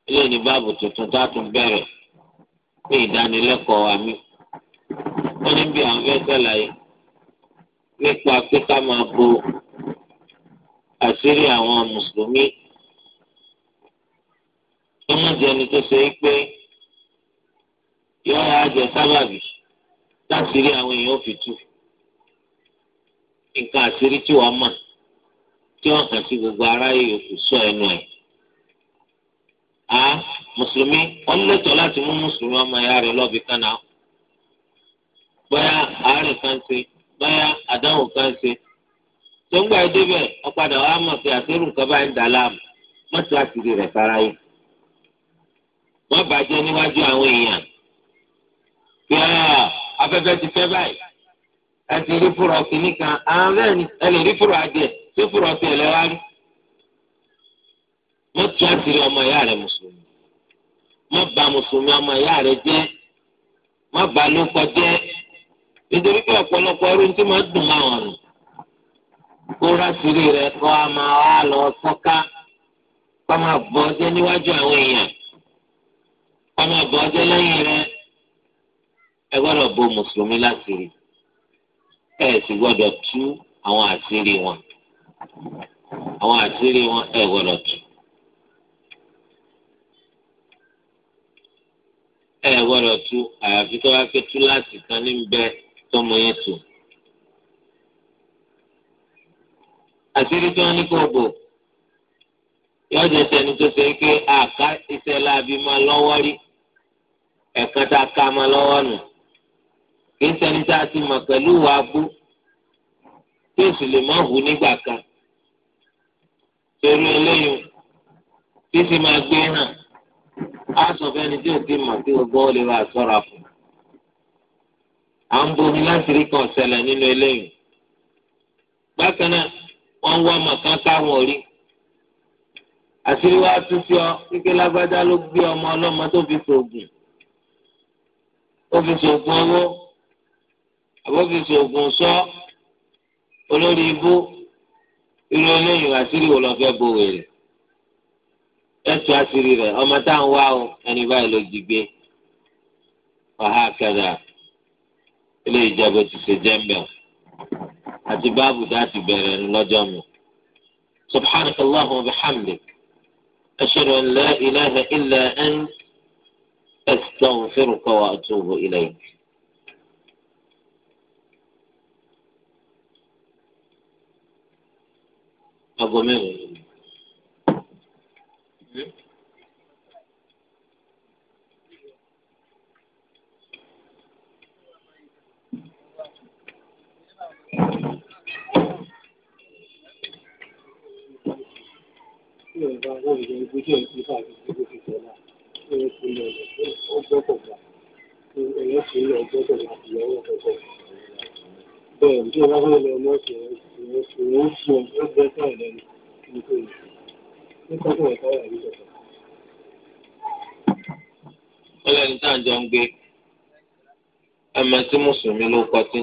لأن باب تتطاط بره في دان لك وامي wọ́n bí àwọn fẹ́ sàlàyé nípa pé ká máa bo àṣírí àwọn mùsùlùmí nínú ìjẹni tó ṣe é pé yọ̀ọ́ àjẹ sábàbí láṣìírí àwọn èèyàn ò fi tú nǹkan àṣírí tí wọ́n mọ̀ tí wọ́n hàn sí gbogbo aráyé yòókù sọ ẹnu ẹ̀. a mùsùlùmí wọ́n lẹ́tọ̀ọ́ láti mú mùsùlùmí ọmọ ìyá rẹ̀ lọ́ọ̀bì kan náà. bóyá àárẹ̀ kan ṣe bóyá àdáhùn kan ṣe. tó ń gbà ẹ débẹ̀ ọ̀padà wa mọ̀ pé àṣírí nǹkan bá ń dà láàmú mọ́tò àṣírí rẹ̀ sáráyé. wọ́n bàjẹ́ níwájú àwọn èèyàn. pé afẹ́fẹ́ ti fẹ́ báyìí ẹ ti rí fúra kìnnìkan àwọn bẹ́ẹ̀ ni ẹ lè rí fúra adìẹ pépù rọ̀ tiẹ̀ lẹ́wà rí má tú àṣírí ọmọ ìyá rẹ mùsùlùmí má bà mùsùlùmí ọmọ ìyá rẹ jẹ́ má bà ló kọjẹ́ nítorí pé ọ̀pọ̀lọpọ̀ ẹrú tí máa dùn máa wọ̀n kó ráṣírí rẹ kọ́ a máa wá lọ sọ́ká kọ́ máa bọ́ ọjẹ́ níwájú àwọn èèyàn kọ́ máa bọ́ ọjẹ́ lẹ́yìn rẹ ẹ gbọ́dọ̀ bo mùsùlùmí láṣírí ẹ sì gbọ́dọ̀ tú àwọn àṣírí wọn àwọn àṣírí wọn ẹ gbọ́dọ̀ tú ẹ gbọ́dọ̀ tú àyàfi tó bá fẹ́ tú láti kan ní bẹ tọmọ yẹn tù àṣírí tí wọn ní kò bò yóò jẹ sẹni tó ṣe pé àká iṣẹ́ láabi máa lọ́wọ́ rí ẹ̀ka tá a ká máa lọ́wọ́ nù kí sẹni tá a ti mọ̀ pẹ̀lú ìwà agbó tí èsì lè má hù nígbà kan pẹ̀lú eléyìí bí sì máa gbé hàn á sọ fẹ́ni tí ò ti mọ̀ tí gbogbo ó lè wá sọ́ra fún. à ń bomi láti rí kan ṣẹlẹ̀ nínú eléyìí. bákan náà wọ́n wá màkán táwọn ò rí. àṣírí wa tún sí ọ kíkẹ́ lágbájá ló gbé ọmọ ọlọ́mọ tó fi ṣoògùn. ó fi ṣoògùn owó àbó fi ṣoògùn sọ olórí ibú irú eléyìí àṣírí wo lọ fẹ́ bo wèrè ẹ̀sùn àṣírí rẹ̀ ọmọ tá à ń wá o ẹni báyìí ló jí gbé ọ̀há kẹdà ilé ìjọba ti ṣe jẹ́mbẹ̀ àti báàbù dá ti bẹ̀rẹ̀ lọ́jọ́ mi subhanaka allahu wa bihamdik ashhadu an la ilaha illa ant astaghfiruka wa atubu ilayk. aago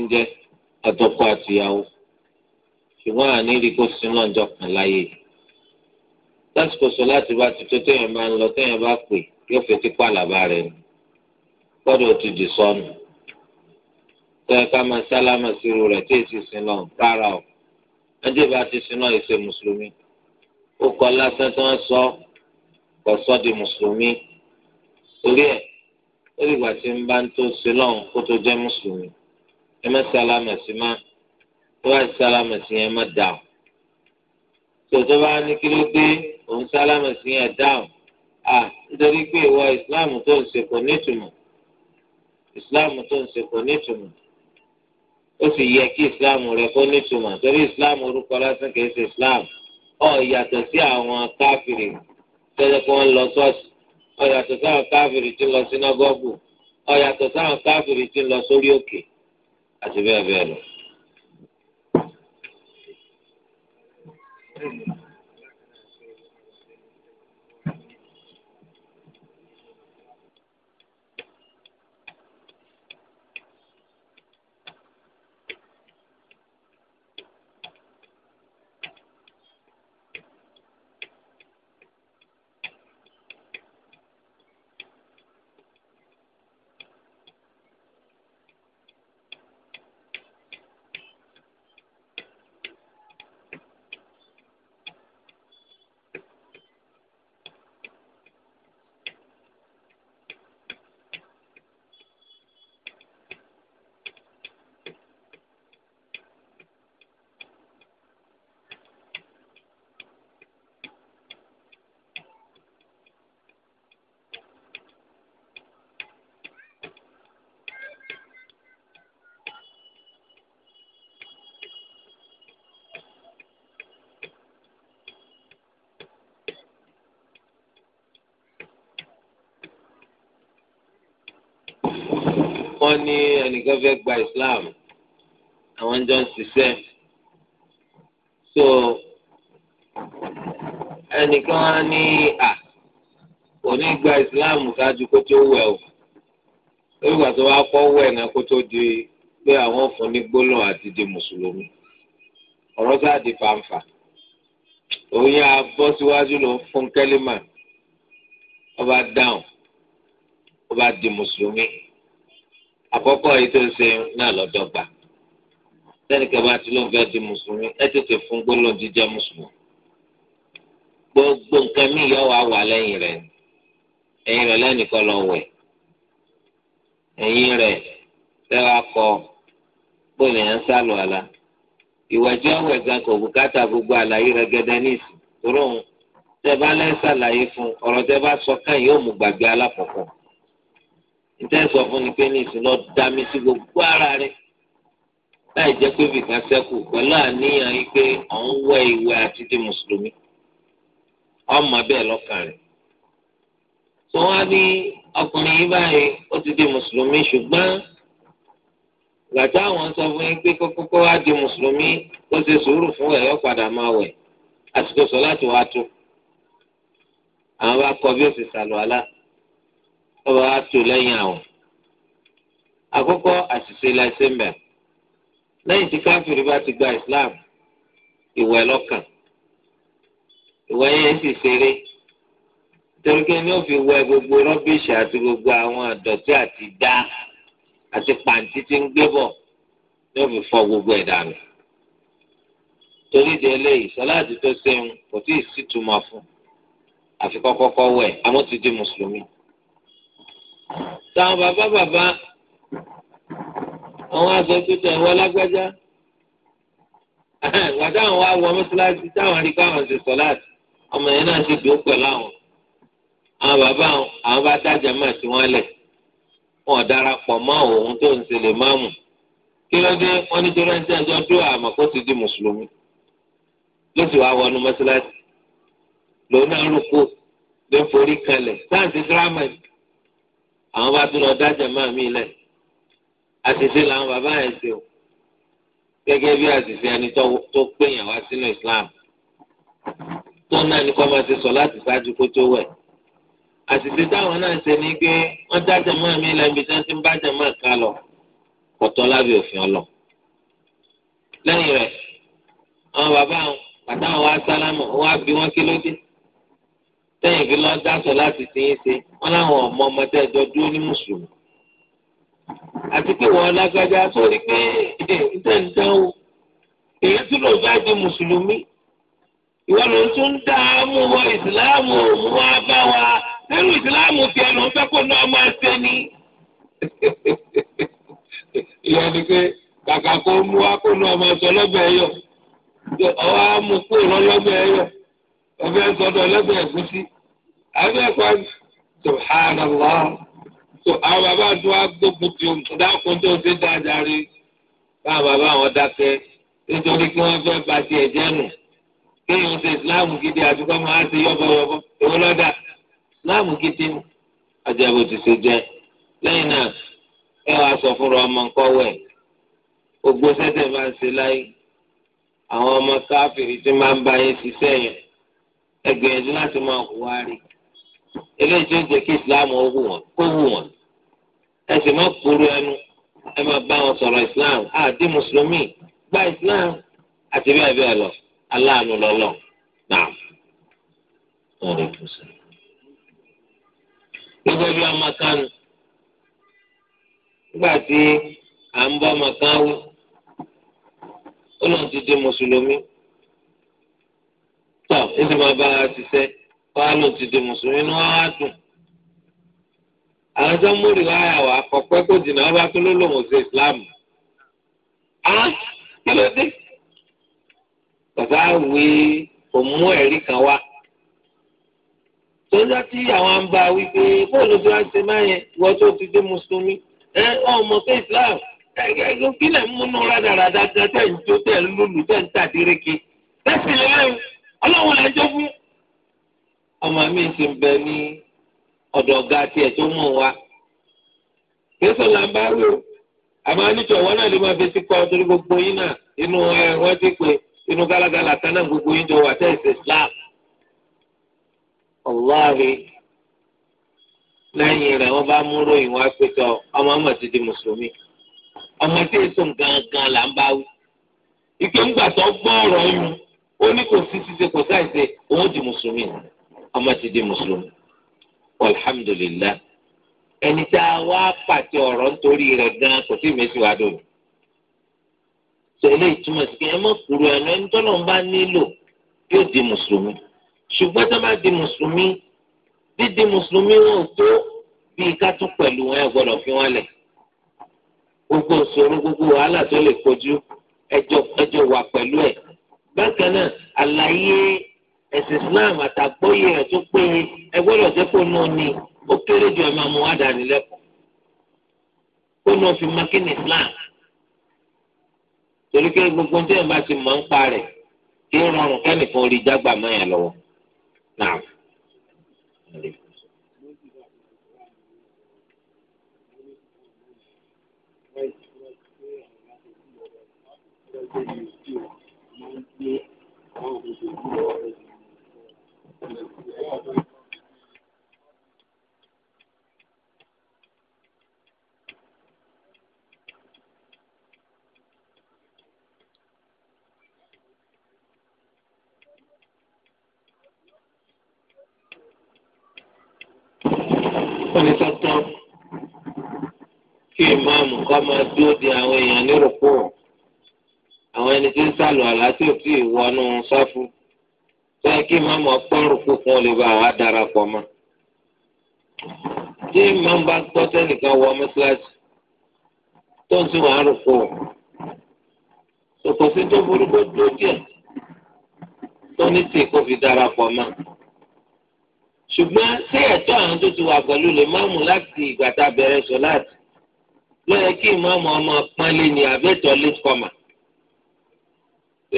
ń jẹ́ àtọkọ àtìyàwó ṣùgbọ́n àní rí kó sínú ọjọ́ kan láyè lásìkò sọ láti bá ti tó téèyàn bá ń lọ téèyàn bá pè yóò fetí pàlàbà rẹ̀ ni gbọ́dọ̀ ti dì sọnù tọ́yẹ ká máa sálámà sírú rẹ̀ tí èsì sinọ́ rárá o ẹjẹ́ bá ti sinọ́ ìṣe mùsùlùmí ó kọ́ lásán tí wọ́n sọ kò sọ́ di mùsùlùmí torí ẹ̀ ó lè gbà tí ń bá ń tó sinọ́ kó tó jẹ́ mùsùlùmí ẹ má sálámà sí má tó bá sálámà sí yẹn má dáhùn tòtò bá ní kí ló dé òun sálámà sí yẹn dáhùn à nítorí pé ìwọ ìsìláàmù tó ń ṣe kò nítumọ̀ ìsìláàmù tó ń ṣe kò nítumọ̀ ó sì yẹ kí ìsìláàmù rẹ kó nítumọ̀ torí ìsìláàmù orúkọ lásán kìí ṣe ìsìláàmù ó yàtọ̀ sí àwọn káfìrì tẹ́lẹ̀ kí wọ́n lọ ṣọ́ọ̀ṣì ó yàtọ̀ sí àwọn káfìrì tí ń lọ sínágọ́gù ó yàtọ̀ sí àwọn káfìrì tí ń lọ sórí òkè àti bẹ́ẹ̀ bẹ́ẹ̀ lọ. wọ́n ní ẹnìkan fẹ́ gba Islam àwọn jọ ń ṣiṣẹ́ so ẹnìkan á ní à kò ní gba Islam ṣáájú kó tó wẹ̀ o lórí ìgbà tó wá kọ́ wẹ̀ náà kó tó di pé àwọn fún ní gbólóhùn àti di mùsùlùmí ọ̀rọ̀ sáà di fàǹfà òun yà bọ́ síwájú ló fún kẹ́límà ọba dáhùn ọba di mùsùlùmí àkọ́kọ́ yìí tó ń ṣe náà lọ́dọ́gba sẹ́nìkẹ́ bá ti ló ń fẹ́ di mùsùlùmí ẹ tètè fún gbólóhùn jíjẹ́ mùsùlùmí gbogbo nǹkan mi yọ wá wà lẹ́yìn rẹ̀ ẹ̀yìn rẹ̀ lẹ́nìkan lọ wẹ̀ ẹ̀yìn rẹ̀ tẹ́wàá kọ bóyá ẹ̀ ń sálọ àlá ìwàjú ọ̀wẹ̀ gan kò bùkátà gbogbo àlàyé rẹ̀ gẹ́gẹ́ ní ìsìn tó rọrùn tẹ́ bá lẹ́ fún ọ̀rọ̀ tẹ́ bá sọ káyìn yóò mú gbàgbé alákọ̀ọ́kọ́ ìtẹ́ sọ fún ni pé ní ìsìn lọ dá mi sí gbogbo ara rẹ láì jẹ́ pé bìkan sẹ́kù pẹ̀lú àníyàn yìí pé òun wẹ ìwé àti di mùsùlùmí ọmọ bẹ́ẹ̀ lọ́kàn rẹ̀ tó wá ní ọkùnrin yìí báyìí ó ti di mùsùlùmí ṣùgbọ́n gbàtà àwọn sọ fún yín pé kókókó wá di mùsùlùmí ó ṣe sùúrù fún ẹ̀ yọ padà máa wẹ̀ àsìkò sọ láti wá tó àwọn bá kọ bí ó sì sàlùwàlá ọba wa tó lẹ́yìn àwọn. àkọ́kọ́ àṣìṣe la ṣe ń bẹ̀. lẹ́yìn tí káfíìrì bá ti gba islam ìwẹ̀ lọ́kàn ìwẹ̀ yẹn sì ṣeré torí pé ní ó fi wẹ gbogbo rọ́bìṣì àti gbogbo àwọn àdọ̀tí àti dá àti pàǹtí tí ń gbé bọ̀ ní ó fi fọ gbogbo ẹ̀ dànù torí di eléyìí sọláàtì tó ṣeun kò tí ì sí túmọ̀ fún àfikọ́ wẹ̀ àmọ́ ti di mùsùlùmí táwọn bàbá bàbá àwọn aṣọ tó tẹ wọ lágbájá gbàdá àwọn wa wọ mọ́sálásí táwọn àríkà àwọn ṣe sọ́láàtì ọmọ yẹn náà ṣe dùn pẹ̀lú àwọn àwọn bàbá àwọn bá dájà máa ti wọ́n lẹ̀ wọ́n darapọ̀ mọ́ òun tó ń ṣe lè má mú kí ló dé wọ́n ní torí ẹni tí ẹjọ́ dúró àmọ́ kó ti di mùsùlùmí ló sì wá wọnú mọ́sálásí lòun náà rúkú ló forí kalẹ̀ sáà ti dírámà yìí àwọn bá tún lọ dájà máa mí lẹ̀ àṣìṣe làwọn bàbá yẹn ṣe o gẹ́gẹ́ bí àṣìṣe ẹni tó péyàn wá sínú Islam tó náà ní kọ́ máa ṣe sọ láti ṣáájú kó tó wẹ̀ àṣìṣe táwọn náà ṣe ni pé wọ́n dájà máa mí lẹ̀ ibi tí wọ́n ti ń bájà máa ká lọ kọ̀tọ́ lábẹ́ òfin ọlọ lẹ́yìn rẹ̀ àwọn bàbá wọn bàtà wọn wá sálámù wọn á bí wọn kí ló sẹ́yìn fi lọ́ọ́ dáṣọ láti ti yín ṣe wọ́n láwọn ọmọ ọmọdé ẹjọ́ dúró ní mùsùlùmí. àti pé wọ́n lágbájá sórí pé ìdẹ́ ń dán o èyí tún lò bá di mùsùlùmí. ìwọ ló ń tún dá mú wọ ìsìláàmù mú wá bá wa lẹ́nu ìsìláàmù tiẹ̀ ló ń fẹ́ kó náà máa ṣe ni. ìyá ni pé kàkà kó mú wá kó náà máa sọ lọ́bẹ̀ẹ́ yọ ọwọ́ á mú kó lọ́lọ́bẹ̀ẹ́ yọ ọbẹ̀ sọdọ̀ lọ́bẹ̀ẹ́ ẹ̀gúsí àwọn ẹ̀kọ́ subhanallah so àwọn bàbá tó wá gbógun tí o dákun tó ṣe dáadáa rí báwọn bàbá wọn dákẹ́ nítorí kí wọ́n fẹ́ ba tiẹ̀ jẹ́ nù kéèyàn ṣe islam gidi àdúgbò máa ṣe yọ́bọ̀yọ́bọ̀ èwo lọ́dà islam gidi àjẹbù ti ṣe jẹ́ lẹ́yìn náà ẹ wàá sọ fúnra ọmọ nǹkan wẹ̀ sẹ́tẹ̀ máa ń ṣe láyé àwọn ọmọ káfíìrì tí máa ń bá yín ṣiṣẹ́ yẹn ẹgbẹ̀rún láti máa hùwárí eléyìí tó ń jẹ́ kí islam ó wù wọ́n kó wù wọ́n ẹ sì má kúrú ẹnu ẹ má bá wọn sọ̀rọ̀ islam àdé mùsùlùmí gba islam àti bẹ́ẹ̀ bẹ́ẹ̀ lọ aláàánú lọ́lọ́ náà. gbogbo ibi ọmọ kánú nígbà tí à ń bọ́ ọmọ kan ó lóun ti di mùsùlùmí tó ẹ sì máa bá a ṣiṣẹ́ wàhálà ti di mùsùlùmí ní wọn á dùn àwọn tó ń múri wáyà wà kọpẹ kó jìnnà wọn bá tó ló lòun ṣe islam á kí ló dé bàbá wí òmú ẹ̀rí kan wá tọ́jà tí àwọn ń bá wípé bóòlù bí wọ́n ṣe máa yẹn wọ́n tó ti dé mùsùlùmí ẹ ọmọ pé islam ẹgbẹ́ kílẹ̀ ń múnú rádaràdá tẹ̀ ń jó tẹ̀ ń lùlù tẹ̀ ń tàdéréke tẹ̀sí lẹ́yìn ọlọ́run lẹ́jọ́ fún. ọmọ mi sì ń bẹ ní ọ̀dọ̀ ọ̀gá tiẹ̀ tó mú wa kẹsàn là ń bá rò wọn náà lè máa torí gbogbo yín náà inú ẹ wọ́n ti inú náà gbogbo yín jọ wà tẹ̀sí Islam lẹ́yìn rẹ̀ wọ́n bá mú ròyìn wá ọmọ di mùsùlùmí ọmọ tí èso gangan là ń bá wí ike ńgbà tó gbọ́ ọ̀rọ̀ yìí ó ní kò sí kò di mùsùlùmí ọmọ ti di mùsùlùmí alhamdulilah ẹni tá a wá pàtẹ ọ̀rọ̀ nítorí rẹ̀ gan kò sí ìmẹsì wa dòdò tẹ́lẹ̀ ìtumọ̀ sí kí ẹ má kúrò ẹnu ẹni tọ́lọ̀ ń bá nílò yóò di mùsùlùmí ṣùgbọ́n tó bá di mùsùlùmí dídi mùsùlùmí wọn ò tó bí ká tún pẹ̀lú wọn ẹ gbọ́dọ̀ fi wọn lẹ̀ gbogbo ìṣòro gbogbo wàhálà tó lè kojú ẹjọ́ wà pẹ̀lú ẹ̀ bákan náà àlàyé ẹ̀sìn islam àtàgbọ́yé rẹ̀ tó péye ẹ gbọ́dọ̀ jẹ́ kó náà ni ó kéré jù ẹ máa mú kó náà fi islam torí gbogbo ní ẹ̀ bá ti mọ̀ ń pa rẹ̀ kí ó rọrùn kẹ́nìkan jágbà mọ́ onítọ́tọ́ kí ìmáàmù kọ́ máa dúró de àwọn èèyàn nírùkú àwọn ẹni tí ń sàlù àlá tí ò tí ì wọnú sáfù bẹ́ẹ̀ kí màmú ọpọ́rù kú fún olè bá wa darapọ̀ mọ́. tí màmú bá gbọ́ sẹ́nìkan wọ mọ́sálásí tó ń sìn wàá rò pọ̀ òkòsí tó burú kó dúró díẹ̀ tó ní tì kó fi darapọ̀ mọ́. ṣùgbọ́n sí ẹ̀tọ́ àwọn tó ti wà pẹ̀lú lè màmú láti ìgbà tá a bẹ̀rẹ̀ sọ láti lọ́yẹ kí màmú ọmọ pọ́nlé ni àbẹ́tọ̀ lẹ́tọ́mà.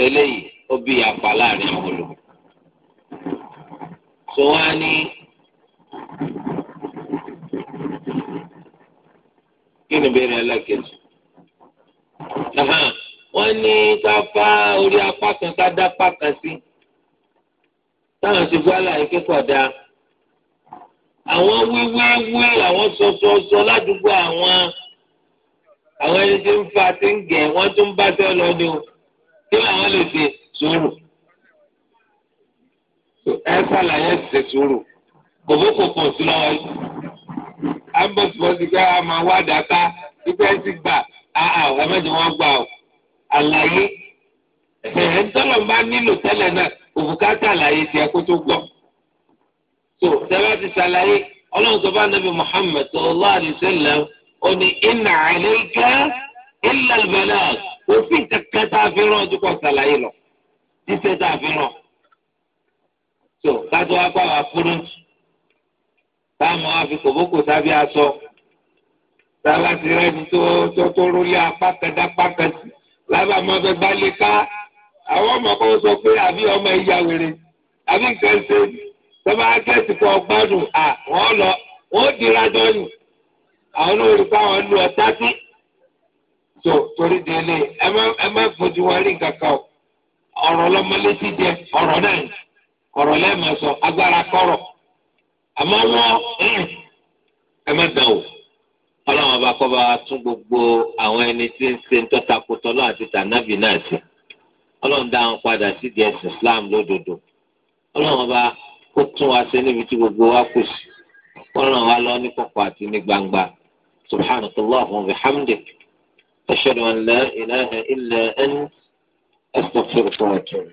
eléyìí ó bí àpá láàrin àwọn olùkọ́ tó wá ní kí ni bẹ́ẹ̀ ni ẹlẹ́kẹ̀jì wọ́n ní ká fá orí apá kan ká dá apá kan sí táwọn ti fọ́ àlàyé kíkọ̀ dáa àwọn wíwíwí àwọn sọsọsọ ládùúgbò àwọn àwọn ẹni tí ń fa ti ń gẹ̀ wọ́n tún bá tẹ́ lọ kí làwọn lè fi sùúrù ẹ sàlàyé ṣe sùúrù kòbókòkò sí lọ́wọ́ yìí ambosibosi pé a máa wá dàka ikpe ti gbà àà ẹ mẹ́jọ wọn gbà o. àlàyé ẹ tọ́lọ̀ bá nílò tẹ́lẹ̀ náà òbúkátà àlàyé tiẹ̀ kó tó gbọ́ tẹ́lẹ̀ ti ṣàlàyé ọlọ́run bá Muhammad ó ní òfin fi rán kan ṣàlàyé tó kájọ wá pa wà fúrúǹtù táwọn afi kòbókò sábẹ́ aṣọ sábà ti rẹ́ni tó tó tó rúlé apá kẹta apá kẹta lábàá máa fẹ́ gbálé ká àwọn ọmọ kan sọ pé àbí ọmọ ìyá wèrè àbí nǹkan ṣe sábà kẹ́sì kan gbádùn à wọ́n lọ wọ́n dira dọ́nù àwọn olùkọ́ àwọn lu ọ̀tá sí tó torí délé ẹ má fojú wọn rí nǹkan kan ọ̀rọ̀ lọ́mọlé ti jẹ ọ̀rọ̀ náà ọ̀rọ̀ lẹ́ẹ̀ma sọ agbára kọ̀rọ̀ àmọ́ wọn ẹ má dàn o ọlọ́run bá kọ́ bá tún gbogbo àwọn ẹni tí ń ṣe ń kótó lọ́wọ́ àti tànàbì náà sí ọlọ́run dá wọn padà sí di ẹ̀sìn Islam lódodo ọlọ́run bá kó tún wa ṣe níbi tí gbogbo wa kù sí wọ́n ràn lọ ní kọ̀kọ̀ àti ní gbangba subhanakallah wa bihamdik ashhadu an la ilaha illa ant astaghfiruka wa atubu.